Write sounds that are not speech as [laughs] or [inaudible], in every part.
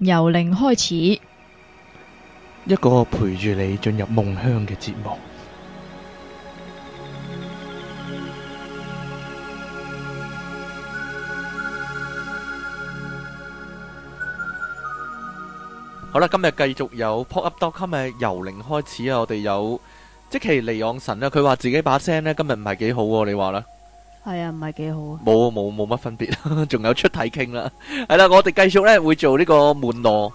由零開始，一個陪住你進入夢鄉嘅節目。好啦，今日繼續有 Pop Up Doc 嘅由零開始啊！我哋有即其黎昂神咧，佢話自己把聲呢，今日唔係幾好喎，你話咧？係啊，唔係幾好啊。冇冇冇乜分別，仲有出體傾啦。係啦，我哋繼續咧會做呢個門羅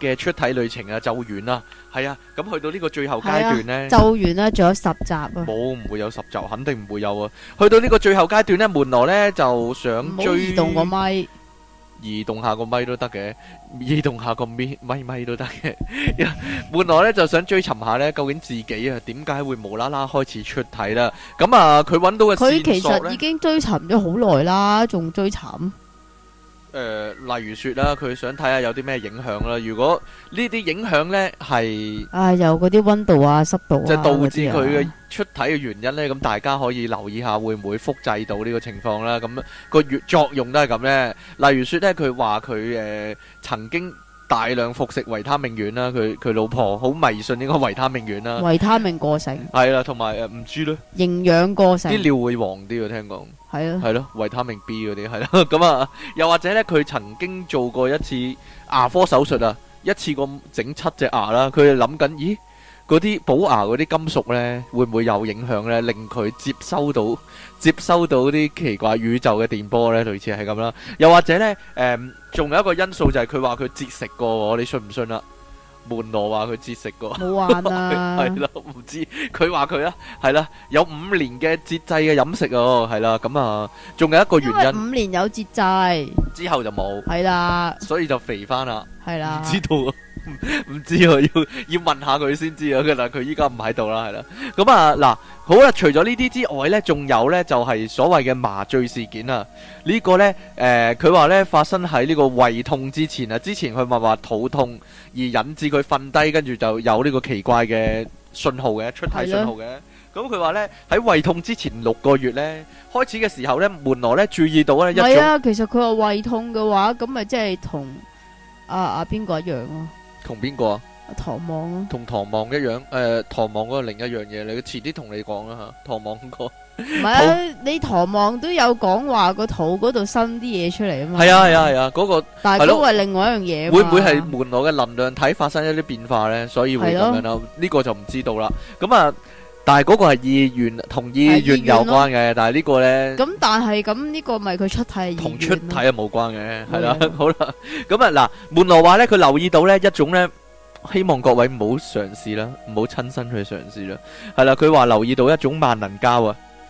嘅出體旅程啊，就完啦。係啊，咁去到呢個最後階段呢，就完啦，仲有十集啊。冇唔會有十集，肯定唔會有啊。去到呢個最後階段呢，門羅呢，就想追。唔好移動個咪。移動下個咪都得嘅，移動下個咪咪咪都得嘅。 [laughs] 本來咧就想追尋下咧，究竟自己啊點解會無啦啦開始出體啦？咁啊，佢揾到嘅線索咧，佢其實已經追尋咗好耐啦，仲追尋。誒、呃，例如說啦，佢想睇下有啲咩影響啦。如果呢啲影響呢係啊，有嗰啲溫度啊、濕度即、啊、係導致佢嘅出體嘅原因呢，咁、啊、大家可以留意下會唔會複製到呢個情況啦。咁、嗯那個作用都係咁呢，例如說呢，佢話佢誒曾經。大量服食維他命丸啦，佢佢老婆好迷信呢個維他命丸啦，維他命過剩，係啦，同埋誒唔知咧，營養過剩，啲尿會黃啲，聽講係啊，係咯的，維他命 B 嗰啲係啦，咁啊，又或者咧，佢曾經做過一次牙科手術啊，一次過整七隻牙啦，佢就諗緊，咦？嗰啲補牙嗰啲金屬呢，會唔會有影響呢？令佢接收到接收到啲奇怪宇宙嘅電波呢，類似係咁啦。又或者呢，誒、嗯，仲有一個因素就係佢話佢節食過，你信唔信呀？門羅話佢節食過，冇話啦，係咯，唔知佢話佢啊，係啦，有五年嘅節制嘅飲食哦，係啦， [laughs] 咁、嗯、啊，仲有一個原因，因五年有節制，之後就冇，係啦的， [laughs] 所以就肥翻啦，係啦的，唔知道。 [laughs] 唔 [laughs] 知哦，要要問下佢先知在在、嗯、啊。佢但佢依家唔喺度啦，係啦。咁啊，嗱，好啦，除咗呢啲之外呢，仲有呢，就係、是、所謂嘅麻醉事件啊。呢、這個呢，誒、呃，佢話呢發生喺呢個胃痛之前啊，之前佢咪話肚痛而引致佢瞓低，跟住就有呢個奇怪嘅信號嘅出體信號嘅。咁佢話呢，喺胃痛之前六個月呢，開始嘅時候呢，門羅呢注意到咧，係啊，其實佢話胃痛嘅話，咁咪即係同阿阿邊個一樣咯、啊。同邊個啊？唐望，同唐望一樣，誒，唐望嗰個另一樣嘢嚟，佢遲啲同你講啦吓，唐望嗰個，唔係啊，你唐望都有講話個肚嗰度生啲嘢出嚟啊嘛，係啊係啊係啊，嗰個，但係嗰個係另外一樣嘢，會唔會係門羅嘅能量體發生一啲變化咧？所以會咁樣咯，呢個就唔知道啦。咁啊。但係嗰個係意願，同意願有關嘅。啊、但係呢個呢？咁但係咁呢個咪佢出體，同出體啊冇關嘅，係啦的，好啦的，咁啊嗱，門羅話呢，佢留意到呢一種呢，希望各位唔好嘗試啦，唔好親身去嘗試啦，係啦，佢話留意到一種萬能膠啊。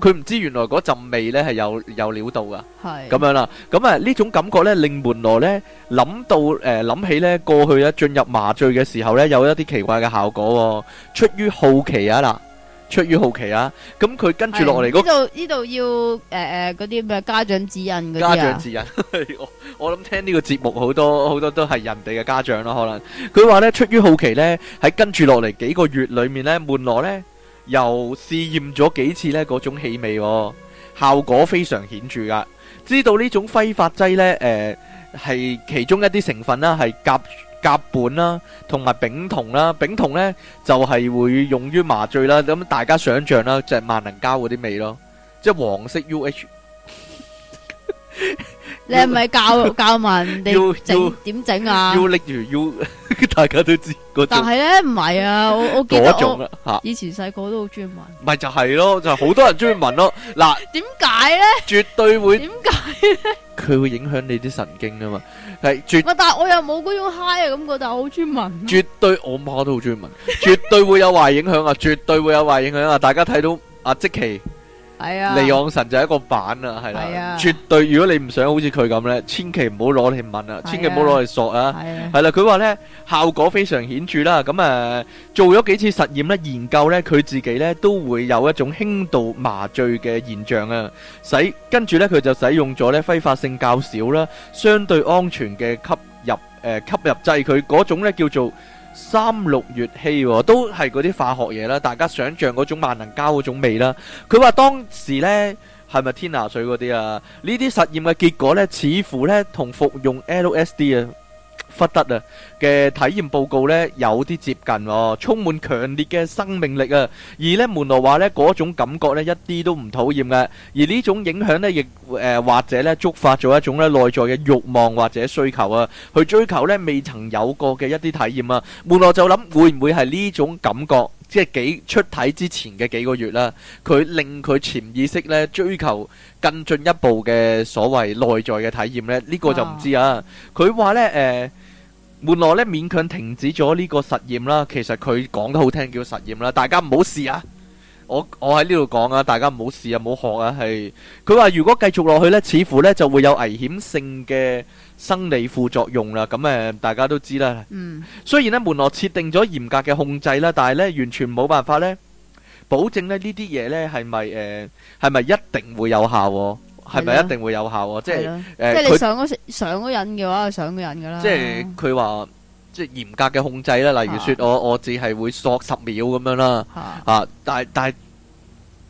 佢唔知原來嗰陣味咧，係有有料到噶，咁樣啦。咁啊呢種感覺咧令門羅咧諗到誒，諗起咧過去啊進入麻醉嘅時候咧有一啲奇怪嘅效果喎。出於好奇啊，嗱，出於好奇啊，咁佢跟住落嚟嗰度呢度要誒誒嗰啲咩家長指引嗰啲啊？家長指引，我我諗聽呢個節目好多好多都係人哋嘅家長咯，可能佢話咧出於好奇咧喺跟住落嚟幾個月裏面咧門羅咧。又試驗咗幾次呢，嗰種氣味，效果非常顯著噶。知道呢種揮發劑呢，誒係其中一啲成分啦，係甲甲苯啦，同埋丙酮啦。丙酮呢就係會用於麻醉啦。咁大家想象啦，就係萬能膠嗰啲味咯，即係黃色 UH。你係咪教教埋人哋點整啊？U 拎住 U，大家都知嗰種。但係咧唔係啊，我我記得我以前細個都好中意聞。唔就係咯，就係好多人中意聞咯。嗱，點解咧？絕對會點解咧？佢會影響你啲神經啊嘛，係絕對。但係我又冇嗰種 high 嘅感覺，但係我好中意聞。絕對，我媽都好中意聞，絕對會有壞影響啊！絕對會有壞影響啊！大家睇到阿即奇。係啊，利昂神就係一個板啊，係啦，絕對。如果你唔想好似佢咁咧，千祈唔好攞嚟問啊，千祈唔好攞嚟索啊，係啦，佢話咧效果非常顯著啦，咁誒做咗幾次實驗咧研究，咧佢自己咧都會有一種輕度麻醉嘅現象啊，使跟住咧佢就使用咗咧揮發性較少啦，相對安全嘅吸入誒吸入劑，佢嗰種咧叫做。三六月氣、啊、都係嗰啲化學嘢啦，大家想象嗰種萬能膠嗰種味啦。佢話當時呢係咪天拿水嗰啲啊？呢啲實驗嘅結果呢，似乎呢同服用 LSD 啊。弗德啊嘅體驗報告咧有啲接近，充滿強烈嘅生命力啊！而咧門羅話咧嗰種感覺咧，一啲都唔討厭嘅，而呢種影響咧亦誒或者咧觸發咗一種咧內在嘅欲望或者需求啊，去追求咧未曾有過嘅一啲體驗啊！門羅就諗會唔會係呢種感覺，即係幾出體之前嘅幾個月啦，佢令佢潛意識咧追求更進一步嘅所謂內在嘅體驗咧？呢個就唔知啊！佢話咧誒。門羅咧勉強停止咗呢個實驗啦，其實佢講得好聽叫實驗啦，大家唔好試啊！我我喺呢度講啊，大家唔好試啊，唔好學啊，係佢話如果繼續落去呢，似乎呢就會有危險性嘅生理副作用啦。咁、嗯、誒，大家都知啦。嗯。雖然呢門羅設定咗嚴格嘅控制啦，但係呢完全冇辦法呢保證呢呢啲嘢呢係咪誒係咪一定會有效喎，啊？係咪一定會有效？即係，誒，即係你上咗他上咗癮嘅話上了人了，上咗癮噶啦。啊、即係佢話，即係嚴格嘅控制啦。例如說我、啊、我，我只係會索十秒咁樣啦。啊，啊，啊但係但係。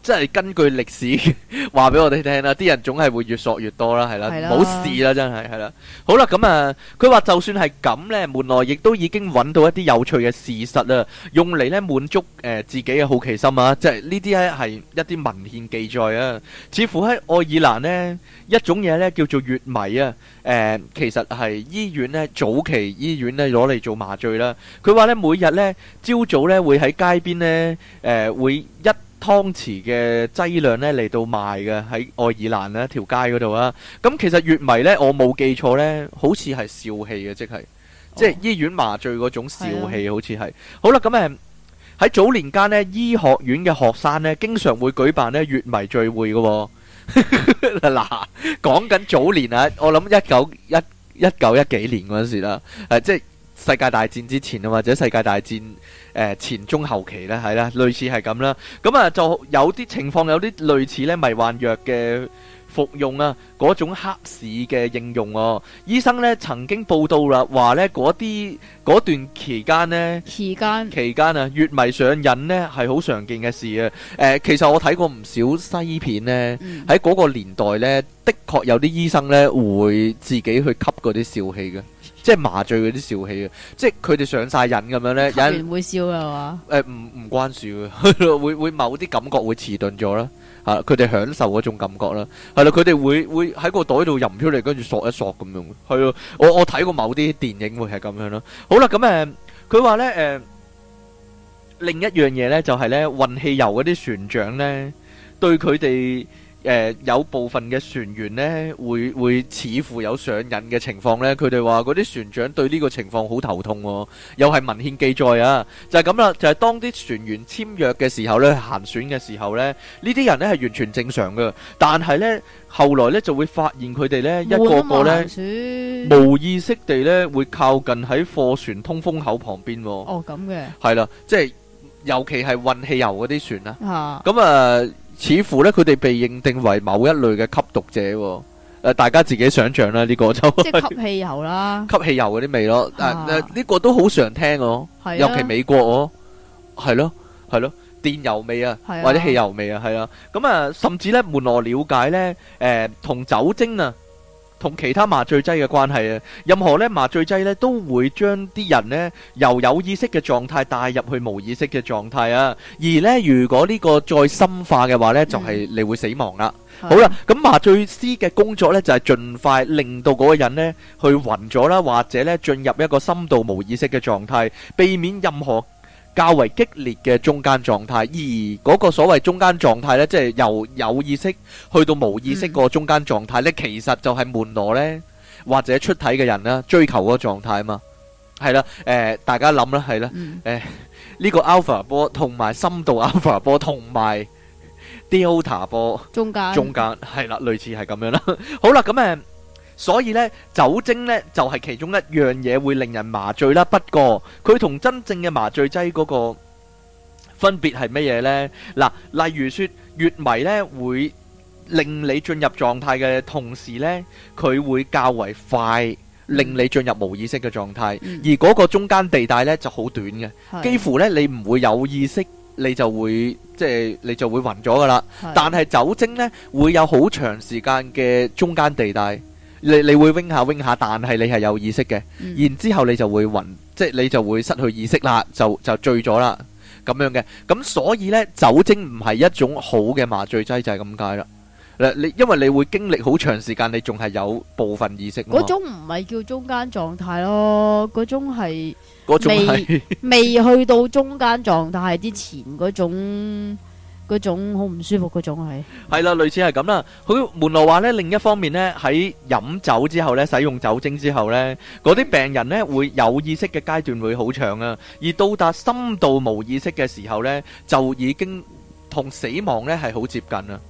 即係根據歷史話俾我哋聽啦，啲人總係會越索越多啦，係啦，冇事啦，真係係啦。好啦，咁啊，佢話就算係咁咧，門羅亦都已經揾到一啲有趣嘅事實啦，用嚟咧滿足誒自己嘅好奇心啊！即係呢啲咧係一啲文獻記載啊。似乎喺愛爾蘭咧，一種嘢咧叫做乙醚啊。誒，其實係醫院咧，早期醫院咧攞嚟做麻醉啦。佢話咧，每日咧朝早咧會喺街邊咧誒會一湯匙嘅劑量咧嚟到賣嘅喺愛爾蘭咧條街嗰度啊。咁、嗯、其實乙醚呢，我冇記錯呢，好似係笑氣嘅，即係、哦、即係醫院麻醉嗰種笑氣，啊、好似係好啦，咁誒喺早年間呢，醫學院嘅學生呢，經常會舉辦咧乙醚聚會噶、哦，嗱講緊早年啊，我諗一九一一九一幾年嗰陣時啦，誒、啊、即係世界大戰之前啊，或者世界大戰。誒前中後期咧，係啦，類似係咁啦。咁啊，就有啲情況有啲類似咧，迷幻藥嘅服用啊，嗰種黑市嘅應用哦、啊。醫生咧曾經報導啦，話咧嗰啲嗰段期間呢，期間期間啊，越迷上癮呢係好常見嘅事啊。誒、呃，其實我睇過唔少西片呢，喺嗰、嗯、個年代呢，的確有啲醫生呢會自己去吸嗰啲笑氣嘅。即係麻醉嗰啲笑氣啊！即係佢哋上晒癮咁樣咧，有會笑噶嘛？誒，唔唔關事，會會某啲感覺會遲鈍咗啦。吓，佢哋享受嗰種感覺啦。係啦，佢哋會會喺個袋度吟出嚟，跟住索一索咁樣。係咯，我我睇過某啲電影，會係咁樣咯。好啦，咁誒，佢話咧，誒，另一樣嘢咧，就係咧，運汽油嗰啲船長咧，對佢哋。誒有部分嘅船員呢，會會似乎有上癮嘅情況呢。佢哋話嗰啲船長對呢個情況好頭痛喎，又係文獻記載啊，就係咁啦。就係當啲船員簽約嘅時候呢，行船嘅時候呢，呢啲人呢係完全正常嘅。但係呢，後來呢就會發現佢哋呢一個個呢無意識地呢會靠近喺貨船通風口旁邊喎。哦，咁嘅係啦，即係尤其係運汽油嗰啲船啦。嚇咁啊！似乎咧，佢哋被認定為某一類嘅吸毒者，誒，大家自己想象啦，呢個就即係吸汽油啦，吸汽油嗰啲味咯，誒，呢個都好常聽哦，尤其美國哦，係咯，係咯，電油味啊，或者汽油味啊，係啦，咁啊，甚至咧，門羅瞭解咧，誒，同酒精啊。同其他麻醉劑嘅關係啊，任何咧麻醉劑咧都會將啲人呢由有意識嘅狀態帶入去無意識嘅狀態啊，而呢如果呢個再深化嘅話呢，就係你會死亡啦。好啦，咁麻醉師嘅工作呢就係盡快令到嗰個人呢去暈咗啦，或者呢進入一個深度無意識嘅狀態，避免任何。較為激烈嘅中間狀態，而嗰個所謂中間狀態咧，即係由有意識去到冇意識個中間狀態咧，其實就係門羅咧或者出體嘅人啦，追求個狀態嘛，係啦，誒，大家諗啦，係啦，誒，呢個 alpha 波同埋深度 alpha 波同埋 delta 波，中間，中間係啦，類似係咁樣啦，好啦，咁誒。所以咧，酒精咧就係其中一樣嘢會令人麻醉啦。不過佢同真正嘅麻醉劑嗰個分別係乜嘢咧？嗱，例如説，乙醚咧會令你進入狀態嘅同時咧，佢會較為快令你進入無意識嘅狀態，而嗰個中間地帶咧就好短嘅，幾乎咧你唔會有意識，你就會即係你就會暈咗㗎喇。但係酒精咧會有好長時間嘅中間地帶。你你會 win 下 win 下，但係你係有意識嘅，嗯、然之後你就會暈，即、就、係、是、你就會失去意識啦，就就醉咗啦，咁樣嘅。咁所以呢，酒精唔係一種好嘅麻醉劑就，就係咁解啦。你因為你會經歷好長時間，你仲係有部分意識。嗰種唔係叫中間狀態咯，嗰種係未未去到中間狀態之前嗰種。嗰種好唔舒服，嗰種係係啦，類似係咁啦。佢門羅話呢，另一方面呢，喺飲酒之後呢，使用酒精之後呢，嗰啲病人呢，會有意識嘅階段會好長啊，而到達深度無意識嘅時候呢，就已經同死亡呢係好接近啊。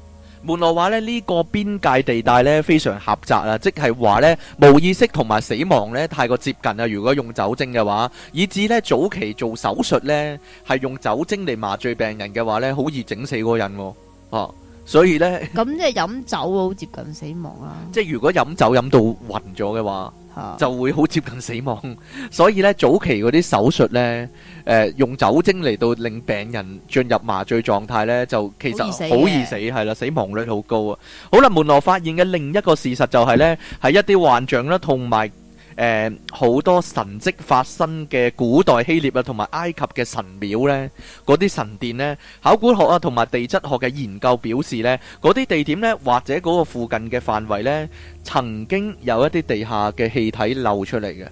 門羅話咧呢、呢個邊界地帶咧非常狹窄啊，即係話咧無意識同埋死亡咧太過接近啊。如果用酒精嘅話，以至咧早期做手術咧係用酒精嚟麻醉病人嘅話咧，好易整死個人喎、哦啊。所以呢，咁即係飲酒好接近死亡啊。即係如果飲酒飲到暈咗嘅話，啊、就會好接近死亡。所以呢，早期嗰啲手術呢，誒用酒精嚟到令病人進入麻醉狀態呢，就其實好易死，係啦，死亡率好高啊。好啦，門羅發現嘅另一個事實就係、是、呢，係、嗯、一啲幻象啦，同埋。誒，好多神跡發生嘅古代希臘啊，同埋埃及嘅神廟呢，嗰啲神殿呢，考古學啊同埋地質學嘅研究表示呢，嗰啲地點呢，或者嗰個附近嘅範圍呢，曾經有一啲地下嘅氣體漏出嚟嘅，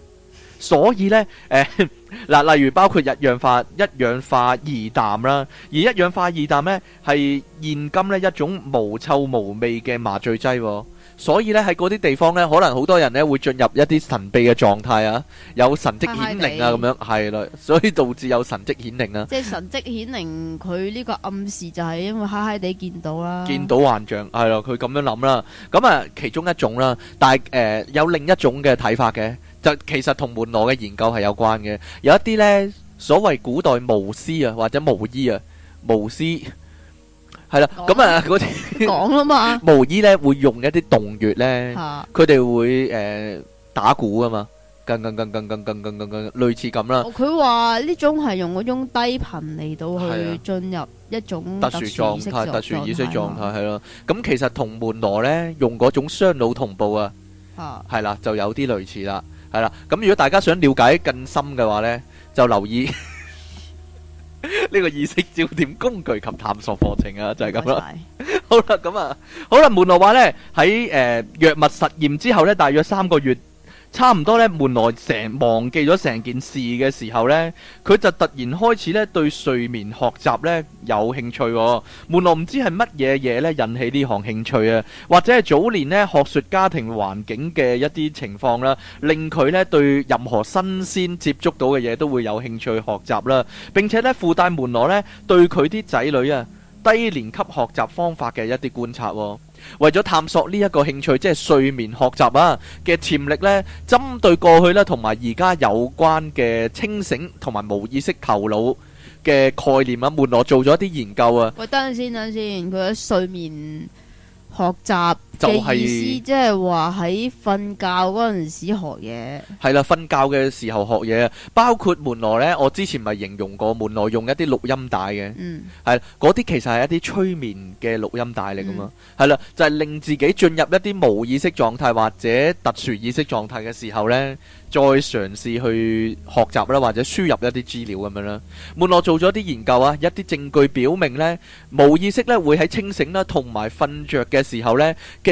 所以呢，誒，嗱，例如包括一氧化一氧化二氮啦，而一氧化二氮呢，係現今呢一種無臭無味嘅麻醉劑。所以咧，喺嗰啲地方咧，可能好多人咧會進入一啲神秘嘅狀態啊，有神跡顯靈啊咁樣，係啦，所以導致有神跡顯靈啊。即係神跡顯靈，佢呢個暗示就係因為嗨嗨地見到啦，見到幻象係咯，佢咁樣諗啦。咁啊，其中一種啦，但係誒有另一種嘅睇法嘅，就其實同門羅嘅研究係有關嘅。有一啲咧所謂古代巫師啊，或者巫醫啊，巫師。係啦，咁啊嗰啲講啦嘛，巫醫咧會用一啲動樂咧，佢哋會誒打鼓噶嘛，跟跟跟跟跟跟跟跟跟，類似咁啦。佢話呢種係用嗰種低頻嚟到去進入一種特殊狀態、特殊意識狀態，係咯。咁其實同門羅咧用嗰種雙腦同步啊，係啦就有啲類似啦，係啦。咁如果大家想了解更深嘅話咧，就留意呢 [laughs] 個意識焦點工具及探索課程啊，就係咁啦。 [laughs] [laughs] 好啦，咁啊，好啦，門羅話咧喺誒藥物實驗之後咧，大約三個月。差唔多咧，門羅成忘記咗成件事嘅時候呢，佢就突然開始咧對睡眠學習呢有興趣喎。門羅唔知係乜嘢嘢呢引起呢項興趣啊，或者係早年呢學術家庭環境嘅一啲情況啦，令佢呢對任何新鮮接觸到嘅嘢都會有興趣學習啦。並且呢附帶門羅呢對佢啲仔女啊低年級學習方法嘅一啲觀察喎。為咗探索呢一個興趣，即係睡眠學習啊嘅潛力呢，針對過去呢同埋而家有關嘅清醒同埋無意識頭腦嘅概念啊，門羅做咗一啲研究啊。喂，等陣先，等陣先，佢喺睡眠學習。就係意思即係話喺瞓覺嗰陣時學嘢，係啦，瞓覺嘅時候學嘢，包括門羅咧。我之前咪形容過門羅用一啲錄音帶嘅，嗯，係啦，嗰啲其實係一啲催眠嘅錄音帶嚟噶嘛，係啦，就係令自己進入一啲無意識狀態或者特殊意識狀態嘅時候咧，再嘗試去學習啦，或者輸入一啲資料咁樣啦。門羅做咗啲研究啊，一啲證據表明咧，無意識咧會喺清醒啦同埋瞓著嘅時候咧嘅。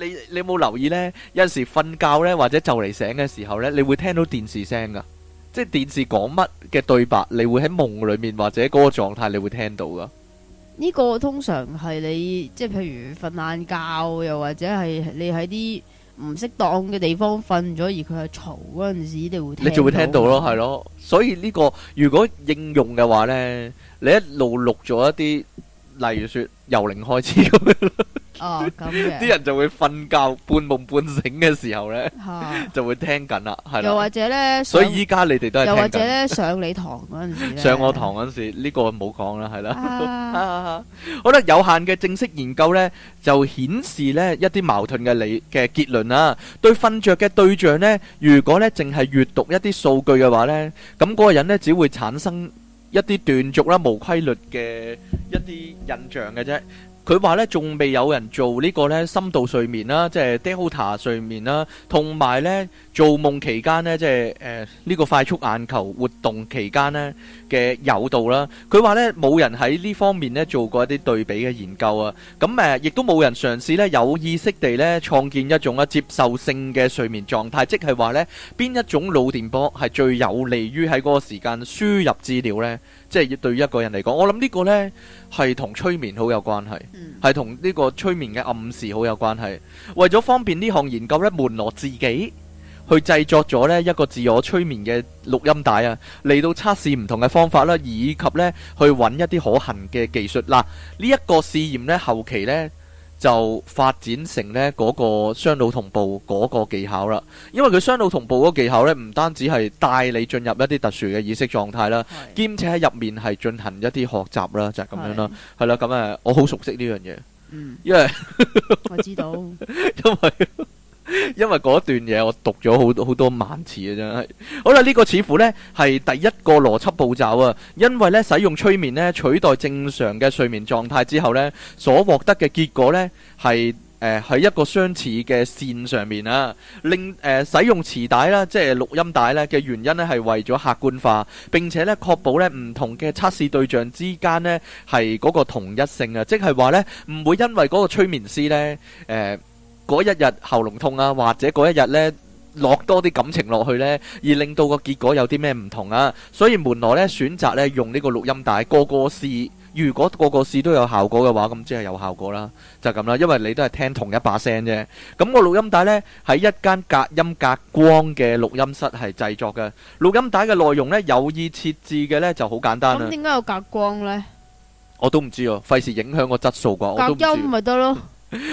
你你冇留意呢？有陣時瞓覺呢，或者就嚟醒嘅時候呢，你會聽到電視聲噶，即係電視講乜嘅對白，你會喺夢裏面或者嗰個狀態，你會聽到噶。呢個通常係你即係譬如瞓晏覺，又或者係你喺啲唔適當嘅地方瞓咗，而佢係嘈嗰陣時，你會你仲會聽到咯，係咯。所以呢個如果應用嘅話呢，你一路錄咗一啲，例如說由零開始咁樣。哦，咁啲人就會瞓覺半夢半醒嘅時候呢，就會聽緊啦。係又或者呢，所以依家你哋都係又或者呢，上你堂嗰陣時，上我堂嗰陣時呢個冇講啦，係啦。好啦，有限嘅正式研究呢，就顯示呢一啲矛盾嘅理嘅結論啦。對瞓著嘅對象呢，如果呢淨係閱讀一啲數據嘅話呢，咁嗰個人呢只會產生一啲斷續啦、無規律嘅一啲印象嘅啫。佢話咧，仲未有人做個呢個咧深度睡眠啦，即係 Delta 睡眠啦，同埋咧，做夢期間呢，即係誒呢個快速眼球活動期間呢嘅誘導啦。佢話呢，冇人喺呢方面呢做過一啲對比嘅研究啊。咁、啊、誒，亦都冇人嘗試呢，有意識地呢，創建一種啊接受性嘅睡眠狀態，即係話呢，邊一種腦電波係最有利於喺嗰個時間輸入資料呢？即係對於一個人嚟講，我諗呢個呢係同催眠好有關係，係同呢個催眠嘅暗示好有關係。為咗方便呢項研究呢，門羅自己，去製作咗咧一個自我催眠嘅錄音帶啊，嚟到測試唔同嘅方法啦，以及呢去揾一啲可行嘅技術。嗱、啊，呢、呢、一個試驗呢，後期呢就發展成呢嗰個雙腦同步嗰個技巧啦。因為佢雙腦同步嗰個技巧呢，唔單止係帶你進入一啲特殊嘅意識狀態啦，兼是且喺入面係進行一啲學習啦，就係、是、咁樣啦。係啦是，咁誒，我好熟悉呢樣嘢，因為、嗯、Yeah. [laughs] 我知道，因為。因為嗰段嘢我讀咗好多好多萬次啊，真係。好啦，呢、這個似乎呢係第一個邏輯步驟啊。因為呢使用催眠呢取代正常嘅睡眠狀態之後呢，所獲得嘅結果呢係誒喺一個相似嘅線上面啊。令誒使用磁帶啦，即係錄音帶呢嘅原因呢係為咗客觀化，並且呢確保呢唔同嘅測試對象之間呢係嗰個同一性啊。即係話呢，唔會因為嗰個催眠師呢。誒、呃。嗰一日喉嚨痛啊，或者嗰一日咧落多啲感情落去咧，而令到個結果有啲咩唔同啊？所以門羅咧選擇咧用呢個錄音帶，個個試，如果個個試都有效果嘅話，咁即係有效果啦，就咁啦。因為你都係聽同一把聲啫。咁個錄音帶咧喺一間隔音隔光嘅錄音室係製作嘅。錄音帶嘅內容咧有意設置嘅咧就好簡單啦。咁點解有隔光咧？我都唔知哦，費事影響個質素啩。隔音咪得咯。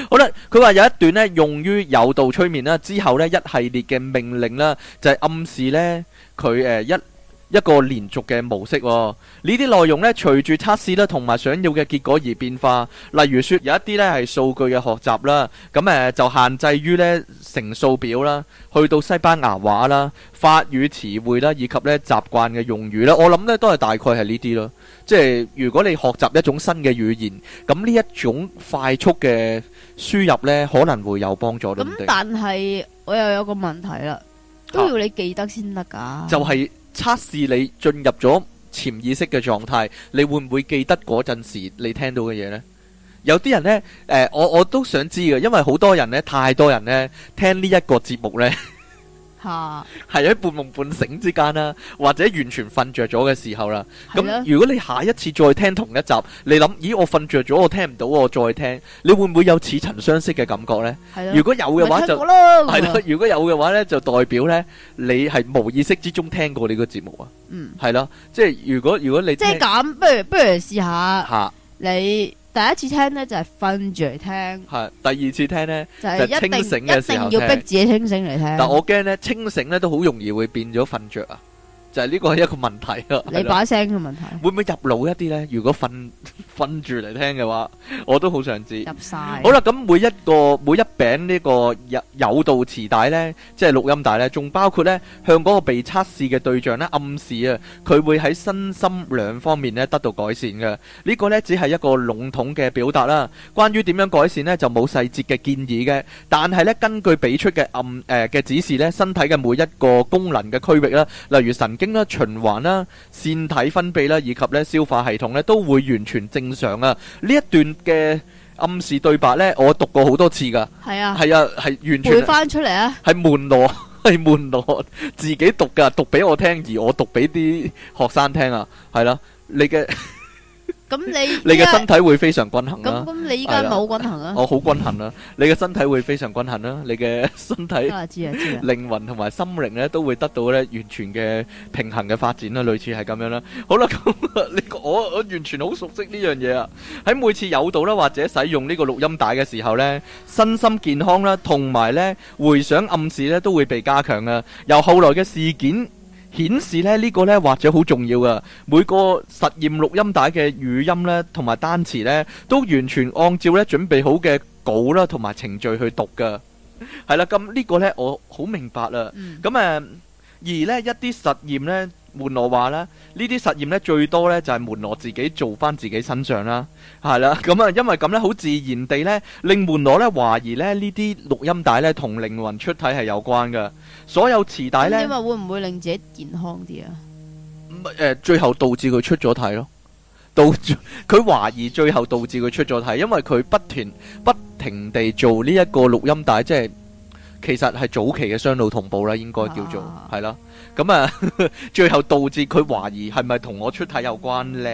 好啦，佢話有一段呢用於有道催眠啦，之後呢一系列嘅命令啦，就係、是、暗示呢佢誒、呃、一一個連續嘅模式，哦。呢啲內容呢，隨住測試啦同埋想要嘅結果而變化。例如說有一啲呢係數據嘅學習啦，咁誒就限制於呢乘數表啦，去到西班牙話啦、法語詞彙啦以及呢習慣嘅用語啦。我諗呢都係大概係呢啲咯。即係如果你學習一種新嘅語言，咁，呢一種快速嘅輸入咧，可能會有幫助到。咁但係我又有個問題啦，都要你記得先得噶。就係測試你進入咗潛意識嘅狀態，你會唔會記得嗰陣時你聽到嘅嘢呢？有啲人呢，誒、呃，我我都想知嘅，因為好多人呢，太多人呢，聽呢一個節目呢。 [laughs] 啊，係喺半夢半醒之間啦，或者完全瞓着咗嘅時候啦。咁的如果你下一次再聽同一集，你諗，咦我瞓着咗，我聽唔到，我再聽，你會唔會有似曾相識嘅感覺呢？的如果有嘅話就係啦，如果有嘅話咧就代表咧你係無意識之中聽過呢個節目啊。嗯，係咯，即係如果如果你即係咁，不如不如試下吓你。第一次聽呢就係瞓住嚟聽，係第二次聽呢就係清醒嘅時候要逼自己清醒嚟聽。但我驚呢清醒呢都好容易會變咗瞓着啊！就係呢個係一個問題啊！你把聲嘅問題會唔會入腦一啲咧？如果瞓瞓住嚟聽嘅話，我都好想知入曬。好啦，咁每一個每一餅呢個有有道磁帶咧，即係錄音帶咧，仲包括咧向嗰個被測試嘅對象咧暗示啊，佢會喺身心兩方面咧得到改善嘅。呢個咧只係一個籠統嘅表達啦。關於點樣改善咧，就冇細節嘅建議嘅。但係咧，根據俾出嘅暗誒嘅指示咧，身體嘅每一個功能嘅區域啦，例如神經。循環啦、啊、腺體分泌啦、啊、以及咧消化系統咧、啊、都會完全正常啊！呢一段嘅暗示對白呢，我讀過好多次噶。係啊，係啊，係完全。背翻出嚟啊！係門羅，係門羅自己讀噶，讀俾我聽，而我讀俾啲學生聽啊，係啦、啊，你嘅。 [laughs] 咁你你嘅身體會非常均衡啦、啊。咁你依家冇均衡啊？了 [laughs] 我好均衡啊！你嘅身體會非常均衡啦，你嘅身體、靈 [laughs] [laughs] 魂同埋心靈咧都會得到咧完全嘅平衡嘅發展啦、啊，類似係咁樣啦、啊。好啦，咁 [laughs] 你我我完全好熟悉呢樣嘢啊！喺每次誘導啦或者使用呢個錄音帶嘅時候呢，身心健康啦同埋呢,呢回想暗示呢，都會被加強啊！由後來嘅事件。顯示咧呢、呢個呢，或者好重要噶，每個實驗錄音帶嘅語音呢，同埋單詞呢，都完全按照呢準備好嘅稿啦同埋程序去讀嘅，係啦， [laughs] 咁呢個呢，我好明白啊，咁、嗯、誒而呢一啲實驗呢。門羅話呢，呢啲實驗呢，最多呢就係門羅自己做翻自己身上啦，係啦，咁啊，因為咁呢，好自然地呢，令門羅呢懷疑呢呢啲錄音帶呢同靈魂出體係有關嘅。所有磁帶呢，你話會唔會令自己健康啲啊？誒，最後導致佢出咗體咯，導致佢懷疑，最後導致佢出咗體，因為佢不停不停地做呢一個錄音帶，即係其實係早期嘅雙腦同步啦，應該叫做係啦。啊咁啊，最後導致佢懷疑係咪同我出體有關呢？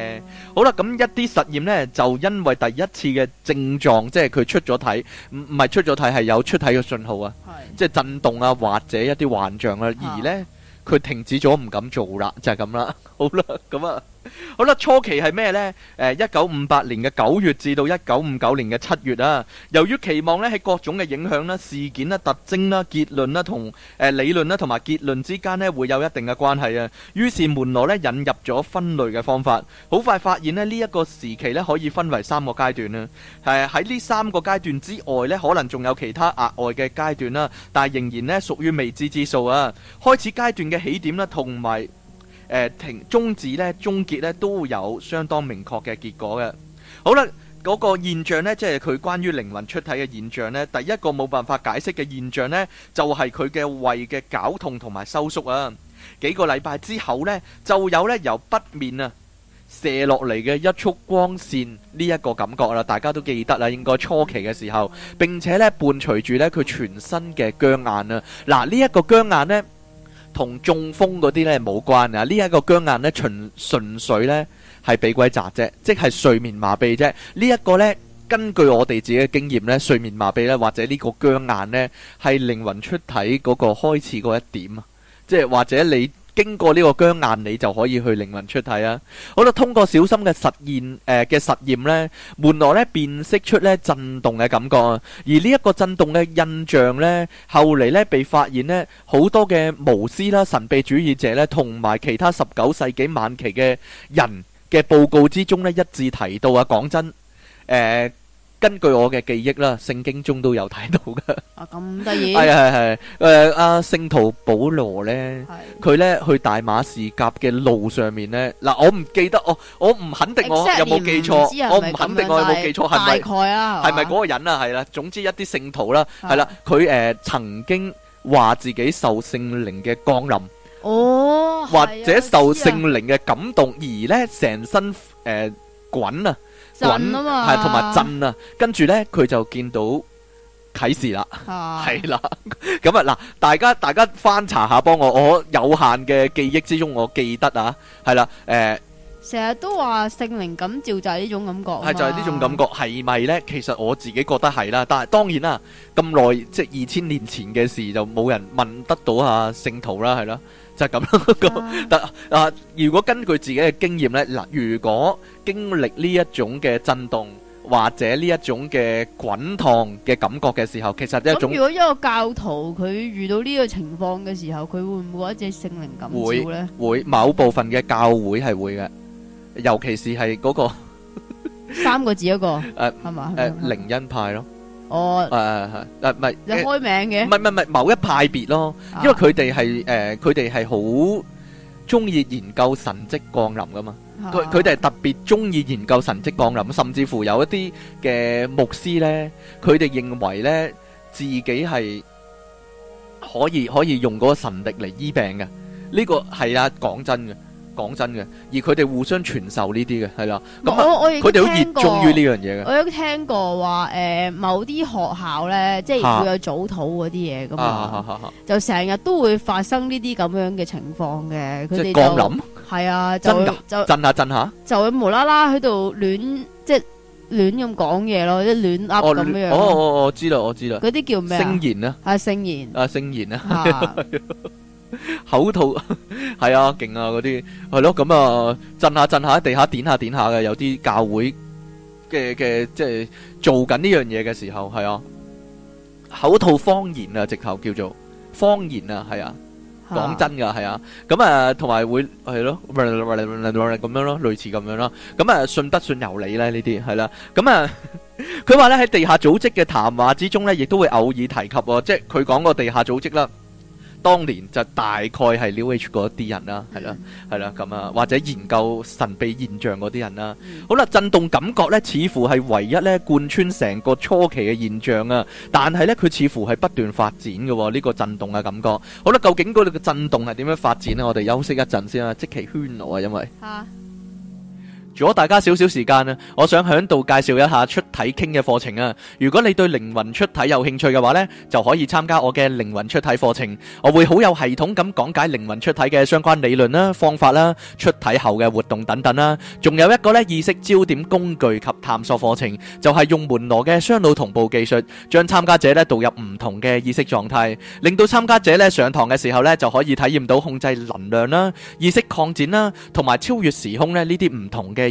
好啦，咁一啲實驗呢，就因為第一次嘅症狀，即係佢出咗體，唔唔係出咗體，係有出體嘅信號啊，的即係震動啊，或者一啲幻象啊，而呢，佢停止咗，唔敢做啦，就係咁啦。好啦，咁啊。好啦，初期係咩呢？誒、呃，一九五八年嘅九月至到一九五九年嘅七月啊。由於期望呢喺各種嘅影響啦、事件啦、特徵啦、結論啦同誒理論啦同埋結論之間呢會有一定嘅關係啊。於是門羅呢引入咗分類嘅方法，好快發現呢，呢、這、一個時期呢可以分為三個階段啊。誒喺呢三個階段之外呢，可能仲有其他額外嘅階段啦、啊，但係仍然呢屬於未知之數啊。開始階段嘅起點呢，同埋。誒、呃，停，終止咧，終結咧，都有相當明確嘅結果嘅。好啦，嗰、那個現象呢，即係佢關於靈魂出體嘅現象呢。第一個冇辦法解釋嘅現象呢，就係佢嘅胃嘅攪痛同埋收縮啊。幾個禮拜之後呢，就有呢由北面啊射落嚟嘅一束光線呢一個感覺啦。大家都記得啦，應該初期嘅時候，並且呢，伴隨住呢佢全身嘅僵硬啊。嗱，呢、這、一個僵硬呢。同中風嗰啲呢冇關啊！呢、這、一個僵硬呢，純純粹呢係畀鬼扎啫，即係睡眠麻痹啫。呢、這、一個呢，根據我哋自己嘅經驗呢，睡眠麻痹呢，或者呢個僵硬呢，係靈魂出體嗰個開始嗰一點啊，即係或者你。經過呢個僵硬，你就可以去靈魂出體啊。好啦，通過小心嘅實驗，誒嘅實驗呢，門羅呢辨識出呢震動嘅感覺，而呢一個震動嘅印象呢，後嚟呢被發現呢，好多嘅巫師啦、神秘主義者呢，同埋其他十九世紀晚期嘅人嘅報告之中呢，一致提到啊，講真，誒。根據我嘅記憶啦，《聖經》中都有睇到噶。啊，咁得意！係係係。誒，阿聖徒保羅咧，佢咧去大馬士革嘅路上面咧，嗱，我唔記得，我我唔肯定，我有冇記錯，我唔肯定我有冇記錯，係咪？大概啦，係咪嗰個人啊？係啦，總之一啲聖徒啦，係啦，佢誒曾經話自己受聖靈嘅降臨，哦，或者受聖靈嘅感動，而咧成身誒滾啊！滾啊嘛，係同埋震啊，跟住呢，佢就見到啟示、啊、 [laughs] 啦，係啦，咁啊嗱，大家大家翻查下幫我，我有限嘅記憶之中我記得啊，係啦，誒、呃，成日都話聖靈感召就係呢種、就是、種感覺，係就係呢種感覺，係咪呢？其實我自己覺得係啦，但係當然啦，咁耐即係二千年前嘅事就冇人問得到下、啊、聖徒啦，係咯。就咁咯，得啊！如果根據自己嘅經驗咧，嗱，如果經歷呢一種嘅震動或者呢一種嘅滾燙嘅感覺嘅時候，其實一種咁，如果一個教徒佢遇到呢個情況嘅時候，佢會唔會有一隻聖靈感召咧？會某部分嘅教會係會嘅，尤其是係嗰個三個字一個，誒係嘛？誒靈恩派咯。哦，係係，誒唔係你開名嘅，唔係唔係唔係某一派別咯，因為佢哋係誒，佢哋係好中意研究神跡降臨㗎嘛，佢佢哋係特別中意研究神跡降臨，甚至乎有一啲嘅牧師咧，佢哋認為咧自己係可以可以用嗰個神力嚟醫病嘅，呢個係啊講真嘅。講真嘅，而佢哋互相傳授呢啲嘅，係啦。咁佢哋好熱衷於呢樣嘢嘅。我有聽過話，誒，某啲學校咧，即係會有早吐嗰啲嘢噶嘛，就成日都會發生呢啲咁樣嘅情況嘅。佢哋就係啊，就就震下震下，就會無啦啦喺度亂即係亂咁講嘢咯，一亂噏咁樣樣。哦哦哦，我知嘞，我知嘞。嗰啲叫咩？聖言啦，係聖言，啊聖言啦。 [laughs] 口吐套係 [laughs] 啊，勁啊嗰啲係咯，咁啊、嗯、震下震下，地下點下點下嘅，有啲教會嘅嘅，即係做緊呢樣嘢嘅時候，係、嗯、啊，口吐方言啊，直頭叫做方言啊，係啊，講、嗯、真噶係啊，咁啊同埋會係咯，咁樣咯，類似咁樣咯，咁、嗯、啊信不信由你咧，呢啲係啦，咁啊佢話咧喺地下組織嘅談話之中咧，亦都會偶爾提及，即係佢講個地下組織啦。當年就大概係 New Age 啲人啦，係、嗯、啦，係啦，咁啊，或者研究神秘現象嗰啲人啦。嗯、好啦，震動感覺呢，似乎係唯一呢貫穿成個初期嘅現象啊。但係呢，佢似乎係不斷發展嘅呢、啊這個震動嘅感覺。好啦，究竟嗰個震動係點樣發展呢？我哋休息一陣先啊，即其喧落啊，因為、啊。啊如果大家少少時間啊，我想響度介紹一下出體傾嘅課程啊。如果你對靈魂出體有興趣嘅話咧，就可以參加我嘅靈魂出體課程。我會好有系統咁講解靈魂出體嘅相關理論啦、方法啦、出體後嘅活動等等啦。仲有一個咧意識焦點工具及探索課程，就係用門羅嘅雙腦同步技術，將參加者咧導入唔同嘅意識狀態，令到參加者咧上堂嘅時候咧就可以體驗到控制能量啦、意識擴展啦，同埋超越時空咧呢啲唔同嘅。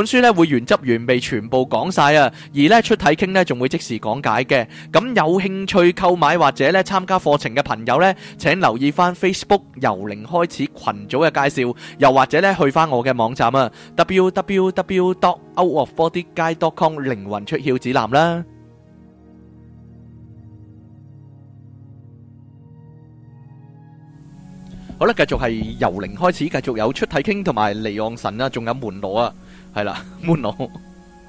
本書咧會原汁原味全部講晒啊，而咧出體傾咧仲會即時講解嘅。咁有興趣購買或者咧參加課程嘅朋友咧，請留意翻 Facebook 由零開始群組嘅介紹，又或者咧去翻我嘅網站啊，www.outofbodyguide.com 靈魂出竅指南啦。好啦，繼續係由零開始，繼續有出體傾同埋離岸神啊，仲有門羅啊。係啦，門羅，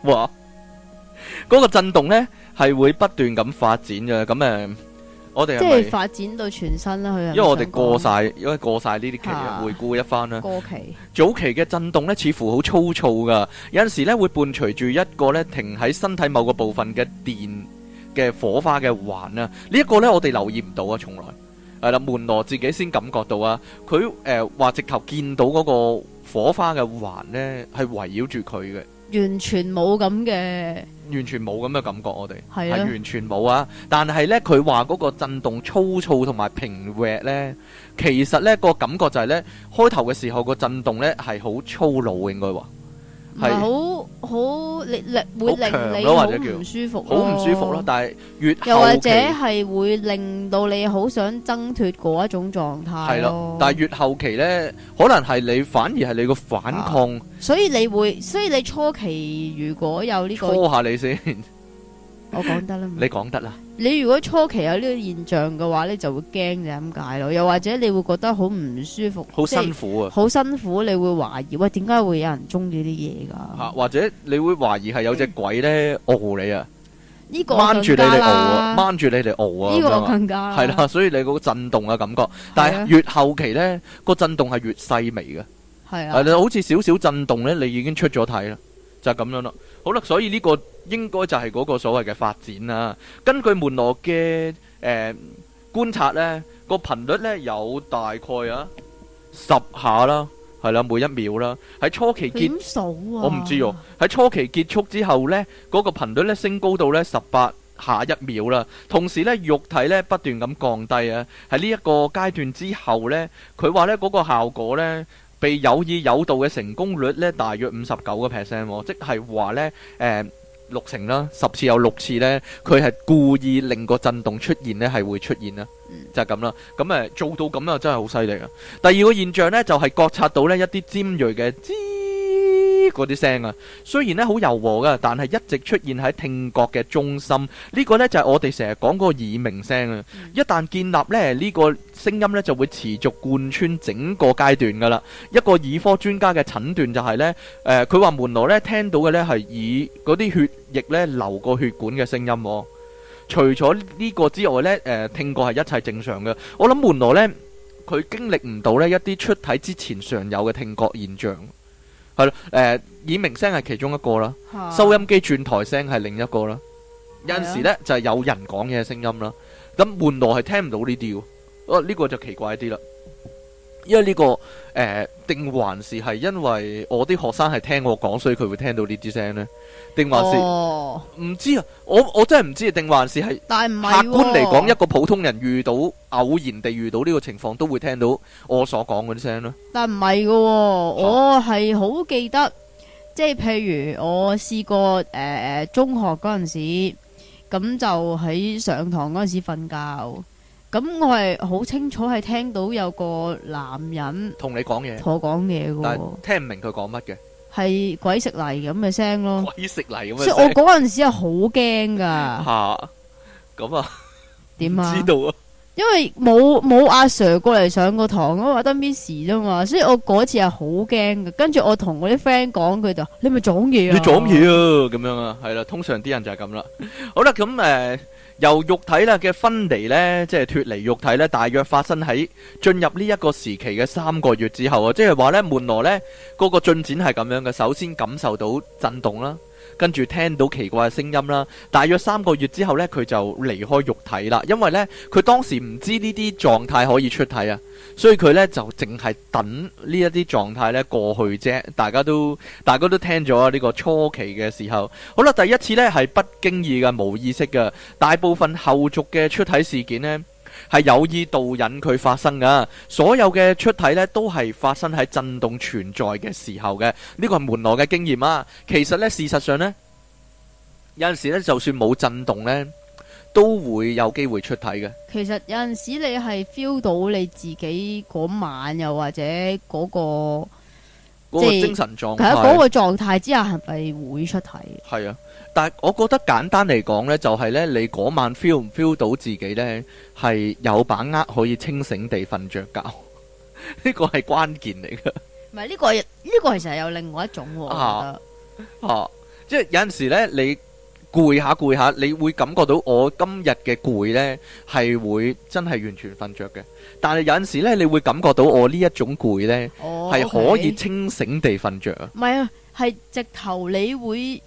哇，嗰、那個震動咧係會不斷咁發展嘅，咁誒、呃，我哋即係發展到全身啦，佢因為我哋過晒，因為過晒呢啲期、啊、回顧一番啦，過期早期嘅震動咧似乎好粗糙㗎，有陣時咧會伴隨住一個咧停喺身體某個部分嘅電嘅火花嘅環啊，這個、呢一個咧我哋留意唔到啊，從來係啦，門羅自己先感覺到啊，佢誒話直頭見到嗰、那個。火花嘅環呢係圍繞住佢嘅，完全冇咁嘅，完全冇咁嘅感覺，我哋係啊，的完全冇啊。但係呢，佢話嗰個震動粗糙同埋平滑呢，其實呢個感覺就係呢：開頭嘅時候個震動呢係好粗魯應該話。係好好力力、啊、會令你好唔舒服、啊，好唔舒服咯、啊。但係越又或者係會令到你好想掙脫嗰一種狀態咯。但係越後期咧，可能係你反而係你個反抗、啊。所以你會，所以你初期如果有呢、這個，敷下你先。我講得啦，你講得啦。你如果初期有呢個現象嘅話咧，你就會驚就咁解咯。又或者你會覺得好唔舒服，好辛苦啊，好辛苦。你會懷疑喂，點解會有人中意啲嘢噶？或者你會懷疑係有隻鬼呢？熬你啊！呢個更加啦，掹住你嚟熬啊！呢、啊、個更加係啦。是吧 [laughs] 所以你個震動嘅感覺，但係越後期呢，個震動係越細微嘅。係、嗯、啊，啊，好似少少震動呢，你已經出咗體啦，就咁、是、樣咯。好啦，所以呢、這個。應該就係嗰個所謂嘅發展啦。根據門羅嘅誒、呃、觀察呢，嗰個頻率呢有大概啊十下啦，係啦，每一秒啦。喺初期點數、啊、我唔知喎、啊。喺初期結束之後呢，嗰、那個頻率呢升高到呢十八下一秒啦。同時呢，肉體呢不斷咁降低啊。喺呢一個階段之後呢，佢話呢嗰、那個效果呢，被有意有道嘅成功率呢，大約五十九個 percent 喎，即係話呢。誒、呃。六成啦，十次有六次咧，佢係故意令個震動出現咧，係會出現啦，就係咁啦。咁誒做到咁啊，真係好犀利啊！第二個現象咧，就係、是、覺察到咧一啲尖銳嘅嗰啲聲啊，雖然咧好柔和噶，但係一直出現喺聽覺嘅中心。呢、呢個呢就係、是、我哋成日講嗰個耳鳴聲啊。嗯、一旦建立咧，呢、呢個聲音呢，就會持續貫穿整個階段噶啦。一個耳科專家嘅診斷就係呢，誒、呃，佢話門羅呢聽到嘅呢係耳嗰啲血液呢流過血管嘅聲音。哦、除咗呢個之外呢，誒、呃，聽覺係一切正常嘅。我諗門羅呢，佢經歷唔到呢一啲出體之前常有嘅聽覺現象。誒，耳鳴、嗯、聲係其中一個啦，啊、收音機轉台聲係另一個啦，有陣時咧、啊、就係有人講嘢聲音啦，咁門羅係聽唔到呢啲喎，哦、啊、呢、這個就奇怪啲啦，因為呢、這個誒定、呃、還是係因為我啲學生係聽我講，所以佢會聽到呢啲聲呢？定還是唔、哦、知啊？我我真係唔知，定還是係、但係唔係哦、客觀嚟講，一個普通人遇到偶然地遇到呢個情況，都會聽到我所講嗰啲聲咯。但唔係嘅，我係好記得，啊、即係譬如我試過誒誒、呃，中學嗰陣時，咁就喺上堂嗰陣時瞓覺，咁我係好清楚係聽到有個男人同你講嘢，我講嘢，但係聽唔明佢講乜嘅。嗯係鬼食泥咁嘅聲咯，鬼食泥咁嘅聲，所以我嗰陣時係好驚噶。吓，咁啊？點啊？知道啊？因為冇冇阿 Sir 過嚟上個堂我話，得 Miss 啫嘛，所以我嗰次係好驚噶。跟住我同我啲 friend 講，佢就你咪講嘢，啊，你講嘢啊，咁樣啊，係啦。通常啲人就係咁啦。好啦，咁誒。由肉體啦嘅分離咧，即係脫離肉體咧，大約發生喺進入呢一個時期嘅三個月之後啊，即係話呢，門羅呢嗰個進展係咁樣嘅，首先感受到震動啦。跟住聽到奇怪嘅聲音啦，大約三個月之後呢，佢就離開肉體啦。因為呢，佢當時唔知呢啲狀態可以出體啊，所以佢呢就淨係等呢一啲狀態呢過去啫。大家都大家都聽咗呢個初期嘅時候，好啦，第一次呢係不經意嘅冇意識嘅，大部分後續嘅出體事件呢，係有意導引佢發生㗎，所有嘅出體呢，都係發生喺震動存在嘅時候嘅。呢個係門羅嘅經驗啊。其實呢，事實上呢，有陣時呢，就算冇震動呢，都會有機會出體嘅。其實有陣時你係 feel 到你自己嗰晚又或者嗰、嗰個、個精神狀態喺嗰個狀態之下係咪會出體？係啊。但係，我覺得簡單嚟講咧，就係咧，你嗰晚 feel 唔 feel 到自己咧係有把握可以清醒地瞓着覺，呢個係關鍵嚟㗎。唔係呢個，呢個其實係有另外一種。啊，啊，即係有陣時咧，你攰下攰下，你會感覺到我今日嘅攰咧係會真係完全瞓着嘅。但係有陣時咧，你會感覺到我呢一種攰咧係可以清醒地瞓着。唔係啊，係直頭你會。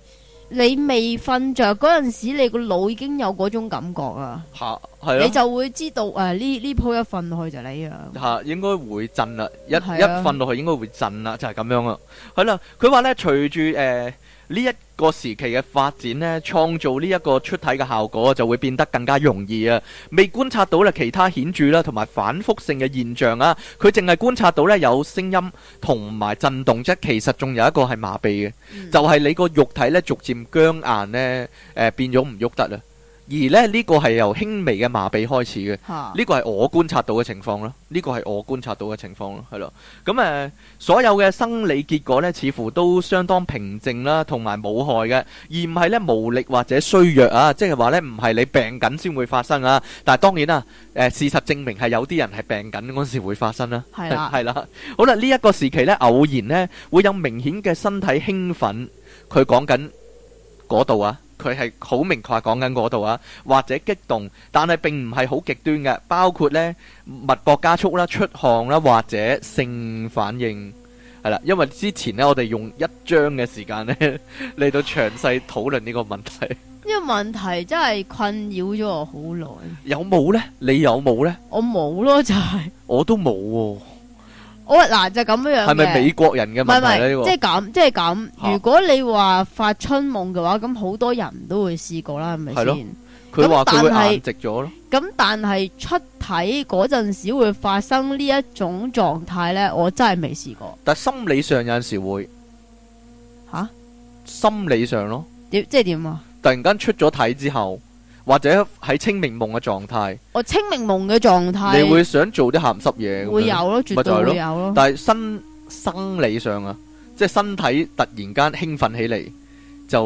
你未瞓着嗰陣時，你個腦已經有嗰種感覺啊！嚇、啊，係咯，你就會知道誒呢呢鋪一瞓落去就係咁樣。嚇、啊，應該會震啦！一、啊、一瞓落去應該會震啦，就係、係、咁樣啊！係啦，佢話咧，隨住誒。呃呢一個時期嘅發展呢，創造呢一個出體嘅效果就會變得更加容易啊！未觀察到啦，其他顯著啦，同埋反覆性嘅現象啊，佢淨係觀察到咧有聲音同埋震動啫。其實仲有一個係麻痹嘅，嗯、就係你個肉體咧逐漸僵硬呢誒、呃、變咗唔喐得啦。而咧呢個係由輕微嘅麻痹開始嘅，呢個係我觀察到嘅情況咯，呢個係我觀察到嘅情況咯，係咯。咁誒，所有嘅生理結果咧，似乎都相當平靜啦，同埋冇害嘅，而唔係咧無力或者衰弱啊，即係話咧唔係你病緊先會發生啊。但係當然啦，誒事實證明係有啲人係病緊嗰時會發生啦，係啦，係啦。好啦，呢一個時期咧偶然咧會有明顯嘅身體興奮，佢講緊嗰度啊。佢係好明確講緊嗰度啊，或者激動，但係並唔係好極端嘅，包括呢脈搏加速啦、出汗啦，或者性反應係啦。因為之前呢，我哋用一章嘅時間呢嚟 [laughs] 到詳細討論呢個問題。呢、呢個問題真係困擾咗我好耐。有冇呢？你有冇呢？我冇咯，就係、是、我都冇喎。哦，嗱就咁、是、樣樣係咪美國人嘅問題咧？呢個即係咁，即係咁。就是就是啊，如果你話發春夢嘅話，咁好多人都會試過啦，係咪先？佢話佢會硬直咗咯。咁但係出體嗰陣時會發生狀態呢一種狀態咧，我真係未試過。但係心理上有陣時會吓，啊，心理上咯。點即係點啊？突然間出咗體之後。或者喺清明夢嘅狀態，我、哦、清明夢嘅狀態，你會想做啲鹹濕嘢，會有咯，絕對有咯。但係身生理上啊，即係身體突然間興奮起嚟就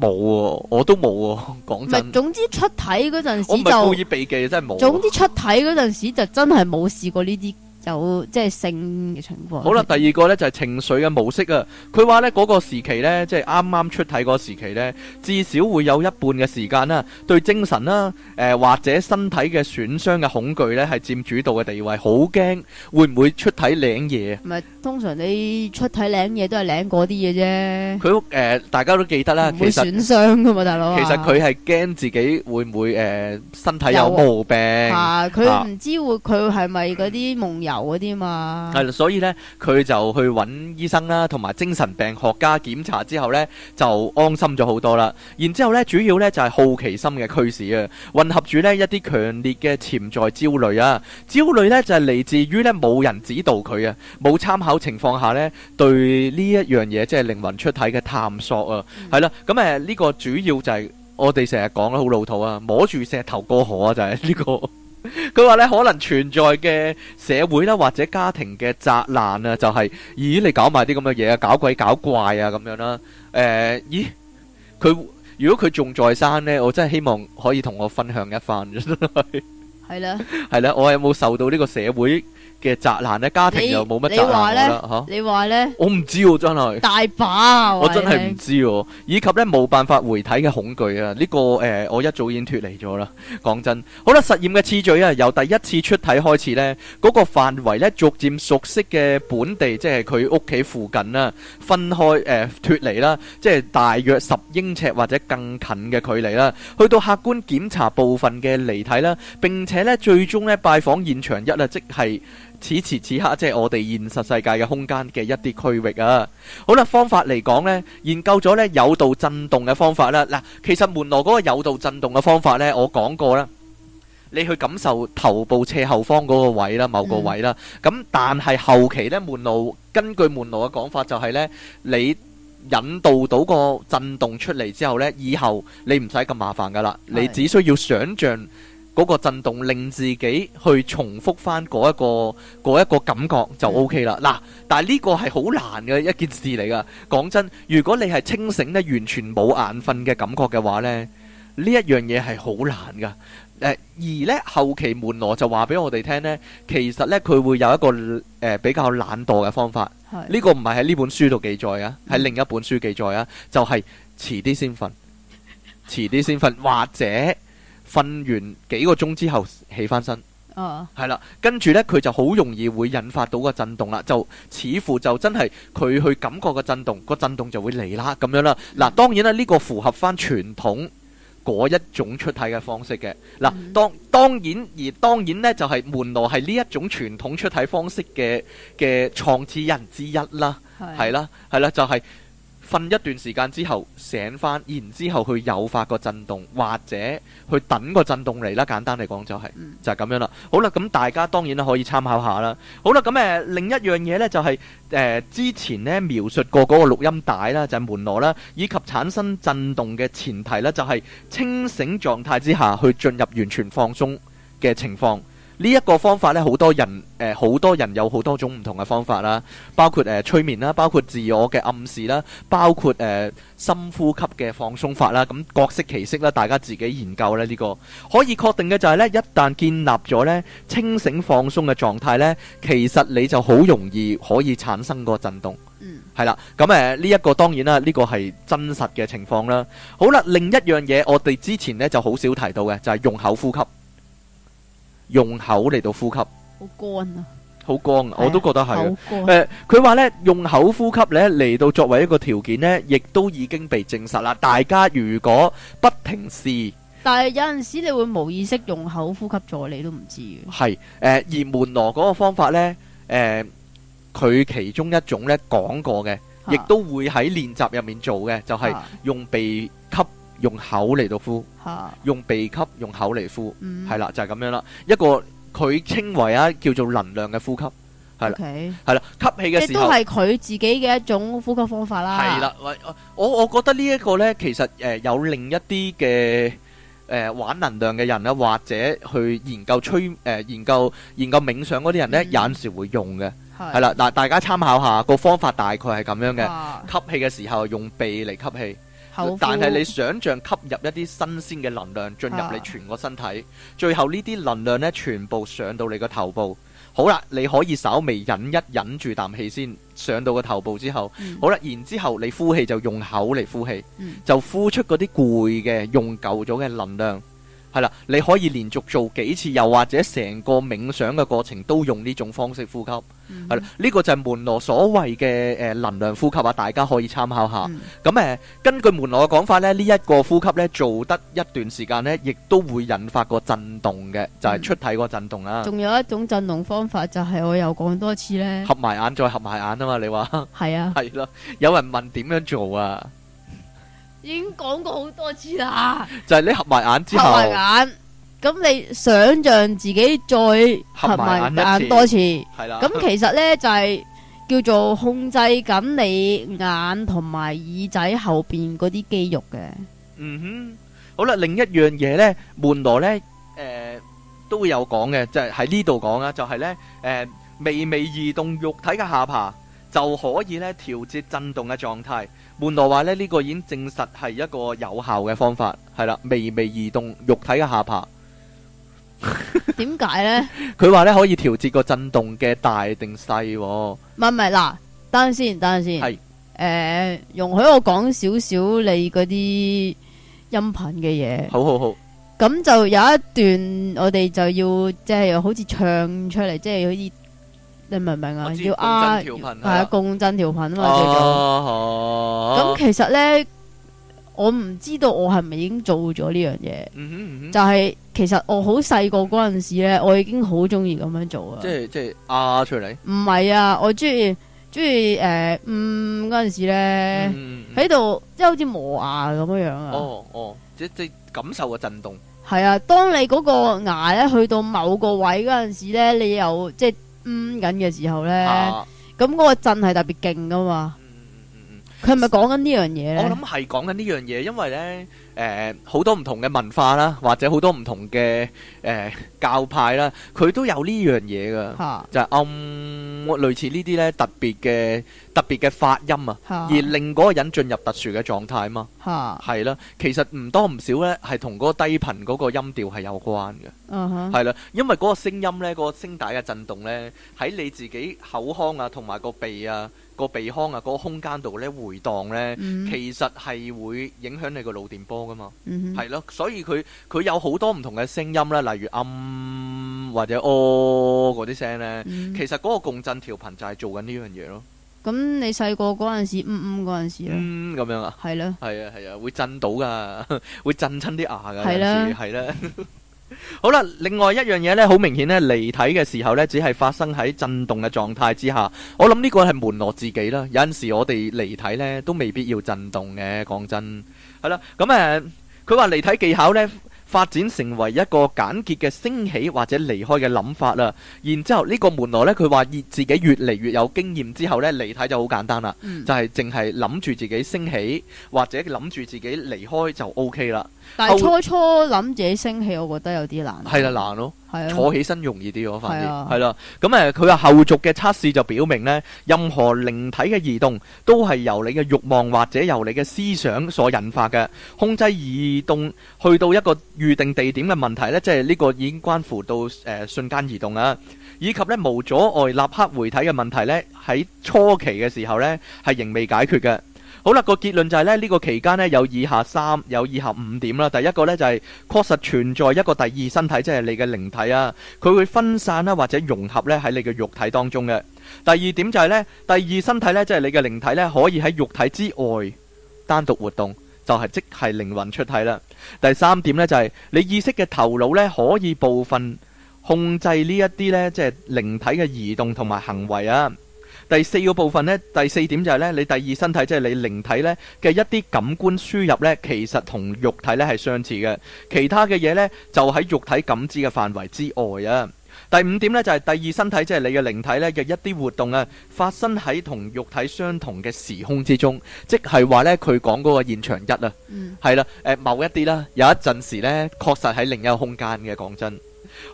冇喎、啊，我都冇喎、啊。講真，唔係，總之出體嗰陣時就故意避忌，真係冇、啊。總之出體嗰陣時就真係冇試過呢啲。有即係性嘅情況。好啦，第二個呢就係、是、情緒嘅模式啊。佢話呢嗰、那個時期呢，即係啱啱出體嗰個時期呢，至少會有一半嘅時間啦、啊，對精神啦、啊，誒、呃、或者身體嘅損傷嘅恐懼呢，係佔主導嘅地位。好驚，會唔會出體領嘢？唔係，通常你出體領嘢都係領嗰啲嘢啫。佢誒、呃，大家都記得啦。唔會損傷噶嘛，大佬。其實佢係驚自己會唔會誒、呃、身體有毛病。啊，佢、啊、唔知會佢係咪嗰啲夢遊。啲嘛，係啦， [music] 所以咧，佢就去揾醫生啦、啊，同埋精神病學家檢查之後咧，就安心咗好多啦。然之後咧，主要咧就係、是、好奇心嘅驅使啊，混合住呢一啲強烈嘅潛在焦慮啊，焦慮咧就係、是、嚟自於咧冇人指導佢啊，冇參考情況下咧，對呢一樣嘢即係靈魂出體嘅探索啊，係啦、嗯，咁誒呢個主要就係我哋成日講得好老土啊，摸住石頭過河啊，就係、是、呢個。 [laughs] 佢話咧，可能存在嘅社會啦，或者家庭嘅責難啊，就係、是，咦，你搞埋啲咁嘅嘢啊，搞鬼搞怪啊，咁樣啦，誒、呃，咦，佢如果佢仲在生呢，我真係希望可以同我分享一番。 [laughs] 係啦，係啦，我有冇受到呢個社會嘅責難咧？家庭又冇乜責難啦，吓？你話咧？我唔知喎，真係大把啊！我真係唔知喎，以及咧冇辦法回體嘅恐懼啊！呢個誒，我一早已經脫離咗啦。講真，好啦，實驗嘅次序啊，由第一次出體開始咧，嗰個範圍咧，逐漸熟悉嘅本地，即係佢屋企附近啦，分開誒脫離啦，即係大約十英尺或者更近嘅距離啦，去到客觀檢查部分嘅離體啦，並且。咧最終咧拜訪現場一啦，即係此時此刻，即係我哋現實世界嘅空間嘅一啲區域啊。好啦，方法嚟講呢，研究咗呢有道震動嘅方法啦。嗱，其實門羅嗰個有道震動嘅方法呢，我講過啦。你去感受頭部斜後方嗰個位啦，某個位啦。咁、嗯、但係後期呢，門羅根據門羅嘅講法就係呢：你引導到個震動出嚟之後呢，以後你唔使咁麻煩噶啦，你只需要想象。嗰個震動令自己去重複翻嗰一個嗰一個感覺就 OK 啦。嗱，但係呢個係好難嘅一件事嚟噶。講真，如果你係清醒得完全冇眼瞓嘅感覺嘅話咧，呢一樣嘢係好難噶。誒，而咧後期門羅就話俾我哋聽咧，其實咧佢會有一個誒比較懶惰嘅方法。呢個唔係喺呢本書度記載啊，喺另一本書記載啊，就係遲啲先瞓，遲啲先瞓，或者。瞓完幾個鐘之後起翻身，係啦、oh.，跟住呢，佢就好容易會引發到個震動啦，就似乎就真係佢去感覺個震動，個震動就會嚟啦咁樣啦。嗱，當然啦，呢個符合翻傳統嗰一種出體嘅方式嘅。嗱，當當然而當然呢，就係門羅係呢一種傳統出體方式嘅嘅創始人之一啦，係啦、mm.，係啦，就係。瞓一段時間之後醒翻，然之後去誘發個震動，或者去等個震動嚟啦。簡單嚟講就係就係咁樣啦。好啦，咁大家當然都可以參考下啦。好啦，咁誒另一樣嘢呢，就係誒之前咧描述過嗰個錄音帶啦，就係門羅啦，以及產生震動嘅前提呢，就係清醒狀態之下去進入完全放鬆嘅情況。呢一個方法呢，好多人誒，好多人有好多種唔同嘅方法啦，包括誒催眠啦，包括自我嘅暗示啦，包括誒深呼吸嘅放鬆法啦，咁各色其式啦，大家自己研究咧。呢個可以確定嘅就係呢：一旦建立咗咧清醒放鬆嘅狀態呢，其實你就好容易可以產生個震動。嗯，係啦，咁誒呢一個當然啦，呢個係真實嘅情況啦。好啦，另一樣嘢我哋之前呢就好少提到嘅，就係用口呼吸。用口嚟到呼吸，好乾啊，好乾光啊，哎、呀我都覺得係。誒乾，佢話咧用口呼吸咧嚟到作為一個條件咧，亦都已經被證實啦。大家如果不停試，但係有陣時你會無意識用口呼吸咗，你都唔知嘅。係、呃、誒，而門羅嗰個方法咧，誒、呃，佢其中一種咧講過嘅，亦都會喺練習入面做嘅，就係、是、用鼻，用口嚟到呼，用鼻吸，用口嚟呼，係啦，就係咁樣啦。一個佢稱為啊叫做能量嘅呼吸，係啦，係啦，吸氣嘅，即係都係佢自己嘅一種呼吸方法啦。係啦，我我我覺得呢一個咧，其實誒有另一啲嘅誒玩能量嘅人咧，或者去研究催誒研究研究冥想嗰啲人咧，有陣時會用嘅，係啦。嗱，大家參考下個方法，大概係咁樣嘅。吸氣嘅時候用鼻嚟吸氣，但係你想像吸入一啲新鮮嘅能量進入你全個身體，啊、最後呢啲能量咧全部上到你個頭部。好啦，你可以稍微忍一忍住啖氣先，上到個頭部之後，嗯、好啦，然之後你呼氣就用口嚟呼氣，嗯、就呼出嗰啲攰嘅、用夠咗嘅能量。係啦，你可以連續做幾次，又或者成個冥想嘅過程都用呢種方式呼吸，係啦、mm，呢、hmm. 呢個就係門羅所謂嘅誒能量呼吸啊，大家可以參考下。咁誒、mm hmm. 嗯，根據門羅嘅講法咧，呢、這、一個呼吸咧做得一段時間咧，亦都會引發個震動嘅，就係、是、出體個震動啦、啊。仲、mm hmm. 有一種震動方法就係我又講多次咧，合埋眼再合埋眼啊嘛，你話係 [laughs] 啊？係啦， [laughs] 有人問點樣做啊？已經講過好多次啦，就係你合埋眼之後，合埋眼，咁你想象自己再合埋眼多次，係啦。咁其實咧就係叫做控制緊你眼同埋耳仔後邊嗰啲肌肉嘅。嗯哼，好啦，另一樣嘢咧，門羅咧，誒都會有講嘅，就係喺呢度講啊，就係咧，誒微微移動肉體嘅下巴就可以咧調節震動嘅狀態。門羅話呢，呢、這個已經證實係一個有效嘅方法，係啦，微微移動肉體嘅下巴。點 [laughs] 解呢？佢話呢可以調節個震動嘅大定細，啊。唔係唔係，嗱，等陣先，等陣先。係是、呃，容許我講少少你嗰啲音頻嘅嘢。好，好，好，好，好。咁就有一段我哋就要即係、就是、好似唱出嚟，即、就、係、是、好似。你明唔明啊？要啊，係要啊，共振調頻啊嘛。哦，咁其實咧，我唔知道我係咪已經做咗呢樣嘢。嗯哼，就係其實我好細個嗰陣時咧，我已經好中意咁樣做啊。即係即係壓出嚟？唔係啊，我中意中意誒，嗯嗰陣時咧，喺度即係好似磨牙咁樣樣啊。哦哦，即係即係感受個震動。係啊，當你嗰個牙咧去到某個位嗰陣時咧，你又即係。嗯，緊嘅時候咧，咁嗰、啊、個震係特別勁噶嘛。佢係咪講緊呢樣嘢？我諗係講緊呢樣嘢，因為呢誒，好多唔同嘅文化啦，或者好多唔同嘅誒、呃、教派啦，佢都有呢樣嘢噶，哈就暗、是嗯、類似呢啲呢特別嘅特別嘅發音啊，哈而令嗰個人進入特殊嘅狀態嘛，係啦哈，其實唔多唔少呢係同嗰個低頻嗰個音調係有關嘅，係啦、嗯哼，因為嗰個聲音呢，嗰個聲帶嘅震動呢，喺你自己口腔啊，同埋個鼻啊。個鼻腔啊，嗰、嗰個空間度咧回盪咧，嗯、其實係會影響你個腦電波噶嘛，係咯、嗯哼，所以佢佢有好多唔同嘅聲音啦，例如暗或者哦嗰啲聲咧，嗯、其實嗰個共振調頻就係做緊呢樣嘢咯。咁你細個嗰陣時，嗯嗯嗰陣時咧，咁、嗯、樣啊，係啦的，係啊係啊，會震到噶，會震親啲牙㗎，係啦係啦。的 [laughs] [laughs] 好啦，另外一樣嘢呢，好明顯呢，離體嘅時候呢，只係發生喺震動嘅狀態之下。我諗呢個係門羅自己啦。有陣時我哋離體呢，都未必要震動嘅。講真，係 [laughs] 啦、嗯，咁、嗯、誒，佢話離體技巧呢。發展成為一個簡潔嘅升起或者離開嘅諗法啦，然之後呢個門羅咧，佢話自己越嚟越有經驗之後呢，離體就好簡單啦，嗯、就係淨係諗住自己升起或者諗住自己離開就 OK 啦。但係初初諗自己升起，我覺得有啲難。係啦，難咯、哦。坐起身容易啲，我發現係啦。咁誒的，佢嘅後續嘅測試就表明呢，任何靈體嘅移動都係由你嘅慾望或者由你嘅思想所引發嘅。控制移動去到一個預定地點嘅問題呢，即係呢個已經關乎到誒、呃、瞬間移動啊。以及呢，無阻礙立刻回體嘅問題呢，喺初期嘅時候呢，係仍未解決嘅。好啦，個結論就係咧，呢個期間呢，有以下三有以下五點啦。第一個呢，就係確實存在一個第二身體，即係你嘅靈體啊，佢會分散啦或者融合咧喺你嘅肉體當中嘅。第二點就係呢，第二身體呢，即係你嘅靈體呢，可以喺肉體之外單獨活動，就係即係靈魂出體啦。第三點呢，就係你意識嘅頭腦呢，可以部分控制呢一啲呢，即係靈體嘅移動同埋行為啊。第四個部分呢，第四點就係呢，你第二身體即係你靈體呢嘅一啲感官輸入呢，其實同肉體呢係相似嘅。其他嘅嘢呢就喺肉體感知嘅範圍之外啊。第五點呢就係第二身體即係你嘅靈體呢嘅一啲活動啊，發生喺同肉體相同嘅時空之中，即係話呢佢講嗰個現場一啊，係啦，誒某一啲啦，有一陣時呢確實喺另一個空間嘅。講真，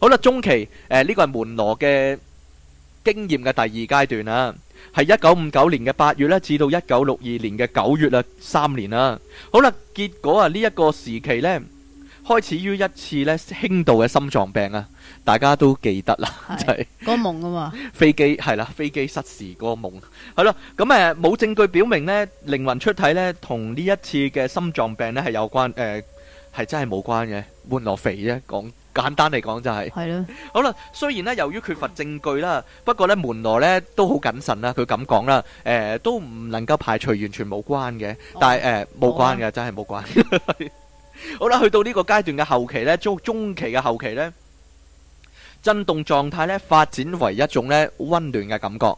好啦，中期誒呢個係門羅嘅經驗嘅第二階段啦，係一九五九年嘅八月咧，至到一九六二年嘅九月啦，三年啦。好啦，結果啊，呢一個時期咧開始於一次咧輕度嘅心臟病啊，大家都記得啦，就係個夢啊嘛，飛機係啦，飛機失事嗰個夢係啦。咁誒，冇證據表明咧靈魂出體咧同呢一次嘅心臟病咧係有關誒。係真係冇關嘅，門羅肥啫。講簡單嚟講就係，係咯。好啦，雖然咧由於缺乏證據啦，不過咧門羅咧都好謹慎啦，佢咁講啦，誒都唔能夠排除完全冇關嘅，但係誒冇關嘅真係冇關。好啦，去到呢個階段嘅後期咧，中中期嘅後期咧，震動狀態咧發展為一種咧温暖嘅感覺。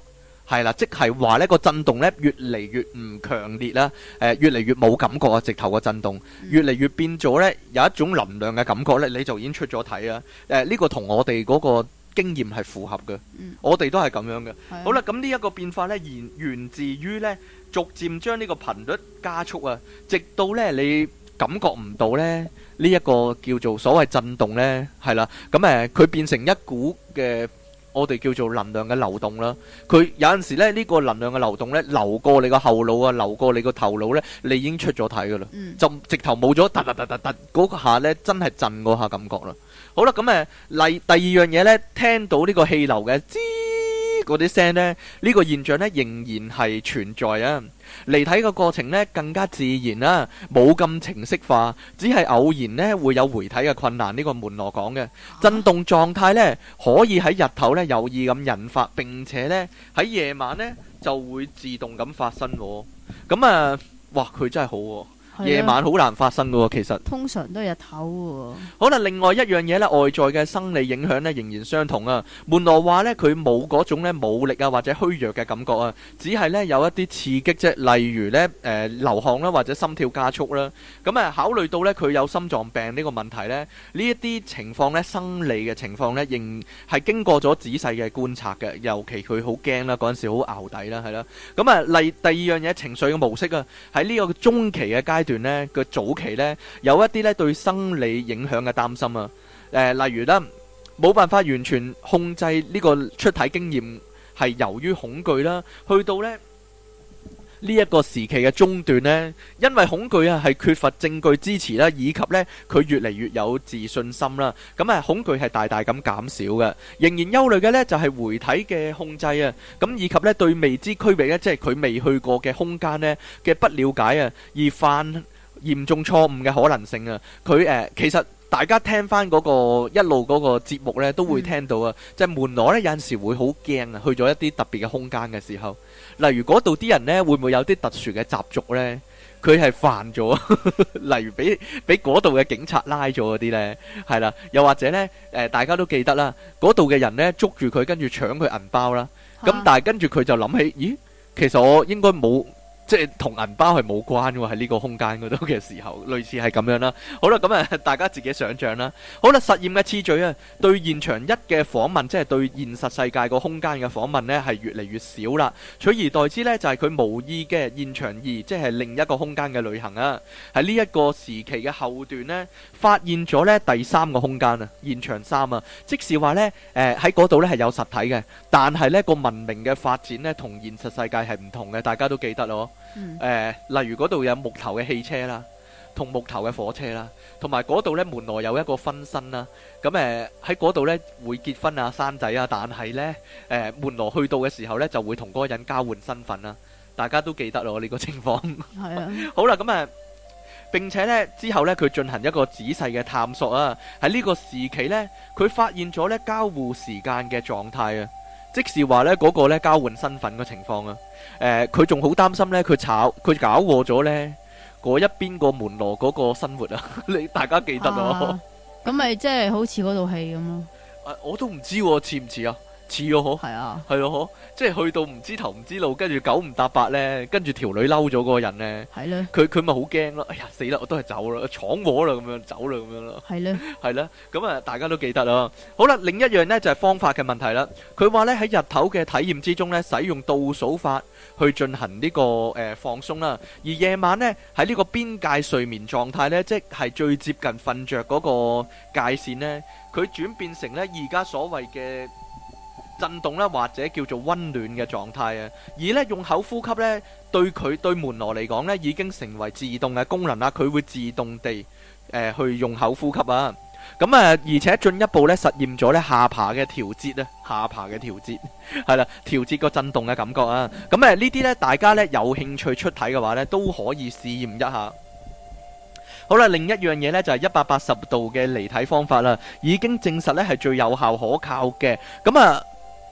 係啦，即係話呢個震動呢越嚟越唔強烈啦，誒、呃、越嚟越冇感覺啊，直頭個震動越嚟越變咗呢，有一種能量嘅感覺呢，你就已經出咗體啦。誒、呃、呢、這個同我哋嗰個經驗係符合嘅，嗯、我哋都係咁樣嘅。的好啦，咁呢一個變化呢，源源自於呢，逐漸將呢個頻率加速啊，直到呢，你感覺唔到呢，呢、這、一個叫做所謂震動呢。係啦，咁誒佢變成一股嘅。我哋叫做能量嘅流動啦，佢有陣時咧，呢個能量嘅流動咧流過你個後腦啊，流過你個頭腦咧，你已經出咗體噶啦，就直頭冇咗，突突突突突嗰下咧真係震嗰下感覺啦。好啦，咁誒例第二樣嘢咧，聽到呢個氣流嘅吱嗰啲聲咧，呢個現象咧仍然係存在啊。離體嘅過程呢，更加自然啦，啊，冇咁程式化，只係偶然呢會有回體嘅困難呢。這個門羅講嘅震動狀態呢，可以喺日頭呢有意咁引發，並且呢喺夜晚呢就會自動咁發生，咁啊哇佢真係好、啊。夜晚好難發生嘅喎，其實通常都係日頭喎。好啦，另外一樣嘢咧，外在嘅生理影響咧仍然相同啊。門羅話咧，佢冇嗰種咧無力啊或者虛弱嘅感覺啊，只係咧有一啲刺激啫，例如咧誒流汗啦或者心跳加速啦。咁啊，考慮到咧佢有心臟病呢個問題咧，呢一啲情況咧生理嘅情況咧，仍係經過咗仔細嘅觀察嘅，尤其佢好驚啦嗰陣時好淆底啦，係啦。咁啊，例第二樣嘢情緒嘅模式啊，喺呢個中期嘅階段呢個早期咧有一啲咧對生理影響嘅擔心啊，誒例如咧冇辦法完全控制呢個出體經驗，係由於恐懼啦，去到咧。呢一個時期嘅中段呢，因為恐懼啊，係缺乏證據支持啦，以及呢，佢越嚟越有自信心啦，咁啊恐懼係大大咁減少嘅。仍然憂慮嘅呢，就係回體嘅控制啊，咁以及呢，對未知區域咧，即係佢未去過嘅空間呢嘅不了解啊，而犯嚴重錯誤嘅可能性啊。佢誒、呃、其實大家聽翻嗰、那個一路嗰個節目呢，都會聽到啊，即、嗯、就門羅呢，有陣時會好驚啊，去咗一啲特別嘅空間嘅時候。例如嗰度啲人呢，會唔會有啲特殊嘅習俗呢？佢係犯咗，例如俾俾嗰度嘅警察拉咗嗰啲呢，係啦。又或者呢，誒、呃、大家都記得啦，嗰度嘅人呢，捉住佢，跟住搶佢銀包啦。咁、啊、但係跟住佢就諗起，咦？其實我應該冇。即係同銀包係冇關喎，喺呢個空間嗰度嘅時候，類似係咁樣啦。好啦，咁啊，大家自己想象啦。好啦，實驗嘅次序啊，對現場一嘅訪問，即係對現實世界個空間嘅訪問呢係越嚟越少啦。取而代之呢，就係佢無意嘅現場二，即係另一個空間嘅旅行啊。喺呢一個時期嘅後段呢，發現咗呢第三個空間啊，現場三啊，即使話呢，誒喺嗰度呢係有實體嘅，但係呢個文明嘅發展呢，同現實世界係唔同嘅，大家都記得咯。誒、嗯呃，例如嗰度有木頭嘅汽車啦，同木頭嘅火車啦，同埋嗰度咧門羅有一個分身啦，咁誒喺嗰度咧會結婚啊、生仔啊，但係呢誒、呃、門羅去到嘅時候呢，就會同嗰個人交換身份啦，大家都記得咯呢、這個情況。係啊， [laughs] 好啦，咁誒，並且呢之後呢，佢進行一個仔細嘅探索啊，喺呢個時期呢，佢發現咗呢交互時間嘅狀態啊。即是話，呢嗰個呢交換身份嘅情況啊，誒佢仲好擔心呢，佢炒佢搞錯咗呢嗰一邊個門羅嗰個生活啊，你 [laughs] 大家記得咯。咁咪即係好似嗰套戲咁咯、啊呃。我都唔知似唔似啊？似哦，嗬，係啊，係咯，嗬，即係去到唔知頭唔知路，跟住九唔搭八咧，跟住條女嬲咗嗰個人咧，係咧，佢佢咪好驚咯，哎呀死啦，我都係走啦，闖禍啦，咁樣走啦，咁樣咯，係咧，係咧，咁啊，大家都記得啦。好啦，另一樣咧就係方法嘅問題啦。佢話咧，喺日頭嘅體驗之中咧，使用倒數法去進行呢個誒放鬆啦。而夜晚咧，喺呢個邊界睡眠狀態咧，即係最接近瞓着嗰個界線咧，佢轉變成咧而家所謂嘅。震動咧，或者叫做溫暖嘅狀態啊，而咧用口呼吸咧，對佢對門羅嚟講咧，已經成為自動嘅功能啦，佢會自動地誒、呃、去用口呼吸啊。咁啊，而且進一步咧實驗咗咧下巴嘅調節咧，下巴嘅調節係啦、 [laughs] 嗯，調節個震動嘅感覺啊。咁啊，呢啲咧大家咧有興趣出體嘅話咧，都可以試驗一下。好啦，另一樣嘢咧就係一百八十度嘅離體方法啦，已經證實咧係最有效可靠嘅。咁啊。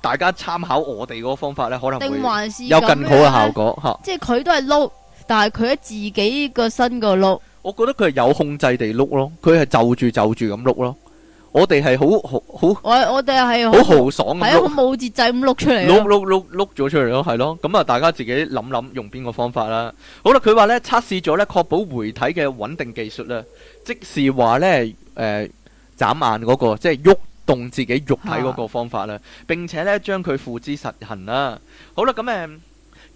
大家參考我哋嗰個方法咧，可能有更好嘅效果嚇。啊、即係佢都係碌，但係佢喺自己個身個碌。我覺得佢係有控制地碌咯，佢係就住就住咁碌咯。我哋係好好好，我我哋係好豪爽，係啊，好冇節制咁碌出嚟碌碌碌碌咗出嚟咯，係咯。咁啊，大家自己諗諗用邊個方法啦。好啦，佢話咧測試咗咧確保回體嘅穩定技術咧，即是話咧誒眨眼嗰、那個即係喐。動自己肉體嗰個方法啦，並且咧將佢付之實行啦。好啦，咁誒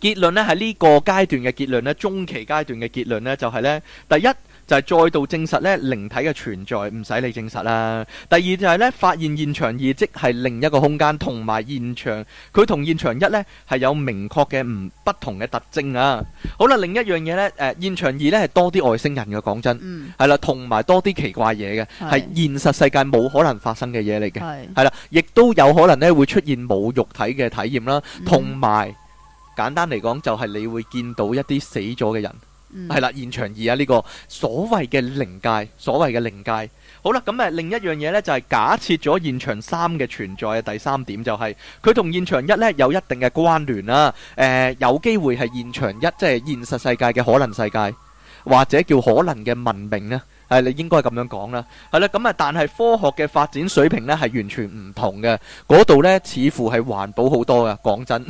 結論咧喺，呢個階段嘅結論咧，中期階段嘅結論咧就係咧，第一。就係再度證實咧靈體嘅存在，唔使你證實啦。第二就係咧發現現場二即係另一個空間，同埋現場佢同現場一咧係有明確嘅唔不同嘅特徵啊。好啦，另一樣嘢咧，誒、呃、現場二咧係多啲外星人嘅，講真，係、嗯、啦，同埋多啲奇怪嘢嘅，係是現實世界冇可能發生嘅嘢嚟嘅，係是啦，亦都有可能咧會出現冇肉體嘅體驗啦，同埋、嗯嗯、簡單嚟講就係你會見到一啲死咗嘅人，人。係啦，現場二啊，呢、這個所謂嘅靈界，所謂嘅靈界。好啦，咁、嗯、誒另一樣嘢呢，就係、是、假設咗現場三嘅存在嘅第三點、就是，就係佢同現場一呢，有一定嘅關聯啦、啊。誒、呃，有機會係現場一，即、就、係、是、現實世界嘅可能世界，或者叫可能嘅文明咧、啊，係、嗯、你應該咁樣講啦。係啦，咁啊，但係科學嘅發展水平呢，係完全唔同嘅，嗰度呢，似乎係環保好多嘅，講真。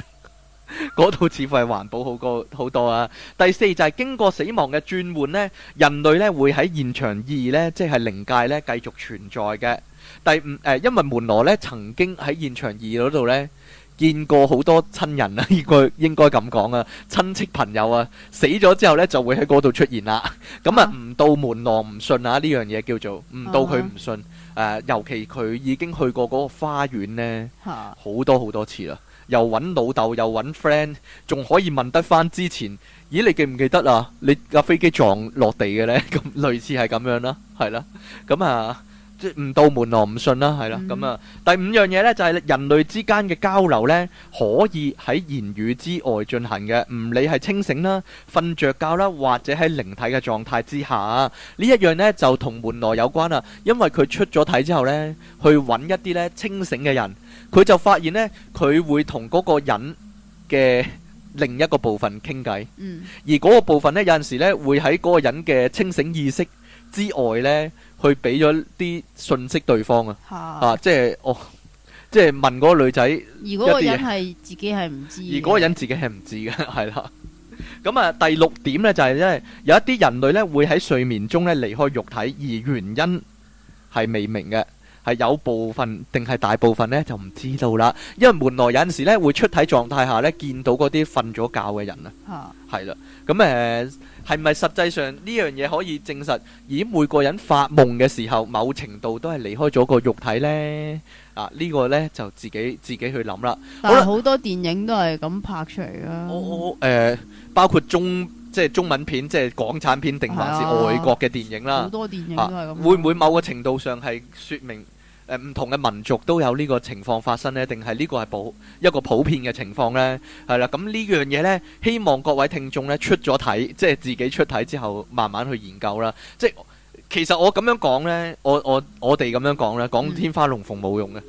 嗰度 [music] 似乎係環保好過好多啊！第四就係經過死亡嘅轉換呢，人類呢會喺現場二呢，即係靈界呢，繼續存在嘅。第五誒、呃，因為門羅呢曾經喺現場二嗰度呢，見過好多親人啊， [laughs] 應該應該咁講啊，親戚朋友啊死咗之後呢就會喺嗰度出現啦。咁啊唔到門羅唔信啊呢樣嘢，叫做唔到佢唔信誒、啊呃，尤其佢已經去過嗰個花園呢，好、啊、多好多好多次啦。又揾老豆，又揾 friend，仲可以問得翻之前，咦，你記唔記得啊？你架飛機撞落地嘅呢，咁 [laughs] 類似係咁樣啦，係啦。咁、嗯、啊，即係唔到門羅唔信啦，係啦。咁、嗯、啊，第五樣嘢呢，就係、是、人類之間嘅交流呢，可以喺言語之外進行嘅，唔理係清醒啦、瞓着覺啦，或者喺靈體嘅狀態之下呢一樣呢，就同門羅有關啦，因為佢出咗體之後呢，去揾一啲呢清醒嘅人。佢就發現呢，佢會同嗰個人嘅另一個部分傾偈，而嗰個部分呢有陣時呢會喺嗰個人嘅清醒意識之外呢，去俾咗啲信息對方啊，啊，即係我，即係問嗰個女仔，而嗰個人係自己係唔知，而嗰個人自己係唔知嘅，係啦。咁啊，第六點呢就係呢，有一啲人類呢會喺睡眠中呢離開肉體，而原因係未明嘅。係有部分定係大部分呢？就唔知道啦。因為門羅有陣時呢，會出體狀態下呢，見到嗰啲瞓咗覺嘅人啊，係啦。咁誒，係、呃、咪實際上呢樣嘢可以證實，而每個人發夢嘅時候，某程度都係離開咗個肉體呢。啊，呢、這個呢，就自己自己去諗啦。但係好多電影都係咁拍出嚟啦。我我、哦呃、包括中即係中文片，即係港產片，定還是外國嘅電影啦。好、嗯啊、多電影、啊、會唔會某個程度上係説明？誒、呃、唔同嘅民族都有呢個情況發生咧，定係呢個係普一個普遍嘅情況呢？係啦，咁呢樣嘢呢，希望各位聽眾咧出咗體，嗯、即係自己出體之後，慢慢去研究啦。即係其實我咁樣講呢，我我我哋咁樣講呢，講天花龍鳳冇用嘅。嗯、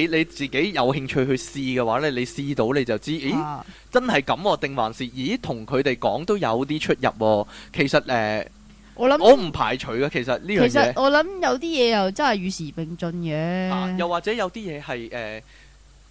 你你自己有興趣去試嘅話咧，你試到你就知，咦，真係咁定還是？咦，同佢哋講都有啲出入、啊。其實誒。呃我諗我唔排除嘅，其實呢樣嘢，其實我諗有啲嘢又真係與時並進嘅、啊。又或者有啲嘢係誒，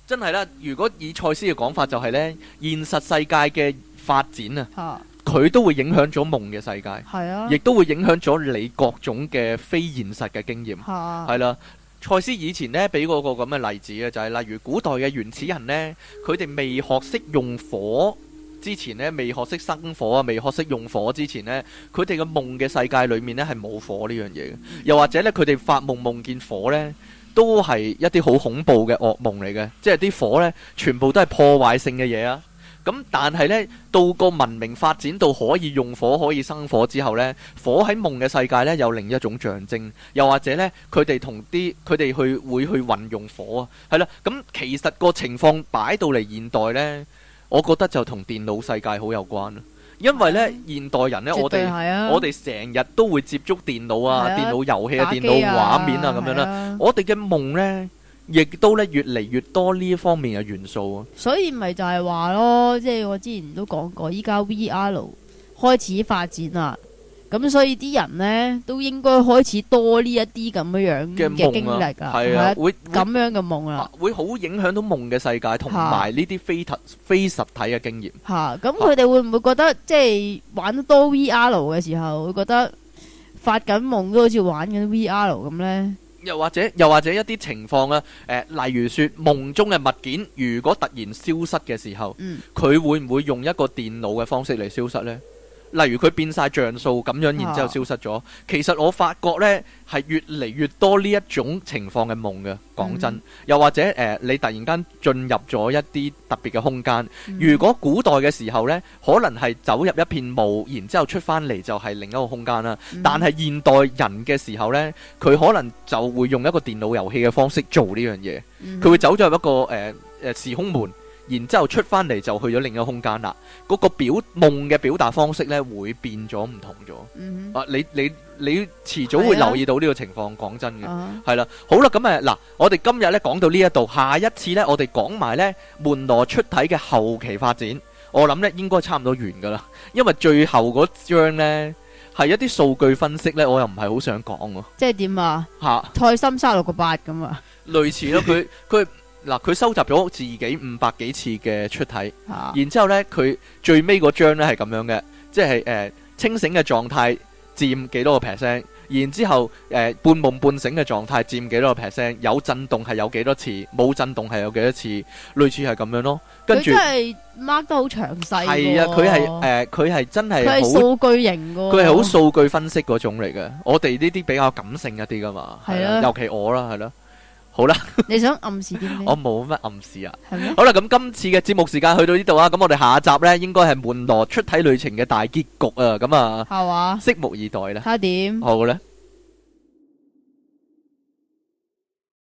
真係啦。如果以賽斯嘅講法就，就係呢現實世界嘅發展啊，佢、啊、都會影響咗夢嘅世界，係啊，亦都會影響咗你各種嘅非現實嘅經驗。係、啊、啦，賽斯以前咧俾嗰個咁嘅例子嘅，就係、是、例如古代嘅原始人呢，佢哋未學識用火。之前呢，未學識生火啊，未學識用火之前呢，佢哋嘅夢嘅世界裏面呢，係冇火呢樣嘢嘅。又或者呢，佢哋發夢夢見火呢，都係一啲好恐怖嘅噩夢嚟嘅。即係啲火呢，全部都係破壞性嘅嘢啊。咁但係呢，到個文明發展到可以用火可以生火之後呢，火喺夢嘅世界呢，有另一種象徵。又或者呢，佢哋同啲佢哋去會去運用火啊，係啦。咁其實個情況擺到嚟現代呢。我覺得就同電腦世界好有關，因為呢、啊、現代人呢，啊、我哋我哋成日都會接觸電腦啊、啊電腦遊戲啊、戲啊電腦畫面啊咁、啊、樣啦，啊、我哋嘅夢呢，亦都咧越嚟越多呢一方面嘅元素啊，所以咪就係話咯，即係我之前都講過，依家 VR 開始發展啦。咁所以啲人呢，都應該開始多呢一啲咁樣樣嘅經歷啊，係啊，會咁樣嘅夢啦，會好影響到夢嘅世界同埋呢啲非的非實體嘅經驗。吓，咁佢哋會唔會覺得的即係玩得多 VR 嘅時候，會覺得發緊夢都好似玩緊 VR 咁呢又？又或者又或者一啲情況咧？誒、呃，例如說夢中嘅物件如果突然消失嘅時候，佢、嗯、會唔會用一個電腦嘅方式嚟消失呢？例如佢變晒像素咁樣，然之後消失咗。啊、其實我發覺呢係越嚟越多呢一種情況嘅夢嘅。講真，嗯、又或者誒、呃，你突然間進入咗一啲特別嘅空間。嗯、如果古代嘅時候呢，可能係走入一片霧，然之後出翻嚟就係另一個空間啦。嗯、但係現代人嘅時候呢，佢可能就會用一個電腦遊戲嘅方式做呢樣嘢。佢、嗯、會走咗入一個誒誒、呃、時空門。然之後出翻嚟就去咗另一個空間啦，嗰、嗰個表夢嘅表達方式呢，會變咗唔同咗。嗯、哼啊，你你你遲早會留意到呢個情況，啊、講真嘅係啦。好啦，咁誒嗱，我哋今日呢講到呢一度，下一次呢我哋講埋呢門羅出體嘅後期發展，我諗呢應該差唔多完噶啦，因為最後嗰張呢係一啲數據分析呢，我又唔係好想講。即係點啊？吓下，泰森三六個八咁啊？類似咯，佢佢。 [laughs] 嗱，佢收集咗自己五百幾次嘅出體，然之後呢，佢最尾嗰張呢係咁樣嘅，即係誒清醒嘅狀態佔幾多個 percent，然之後誒半夢半醒嘅狀態佔幾多個 percent，有震動係有幾多次，冇震動係有幾多次，類似係咁樣咯。跟住佢係 mark 得好詳細。係啊，佢係誒，佢係真係佢係數據型，佢係好數據分析嗰種嚟嘅，我哋呢啲比較感性一啲噶嘛，係啊，尤其我啦，係咯。好啦，你想暗示啲咩？我冇乜暗示啊。係咩？好啦，咁今次嘅節目時間去到呢度啦，咁我哋下一集呢，應該係門羅出體旅程嘅大結局啊，咁啊，拭目以待啦。睇下點？好啦。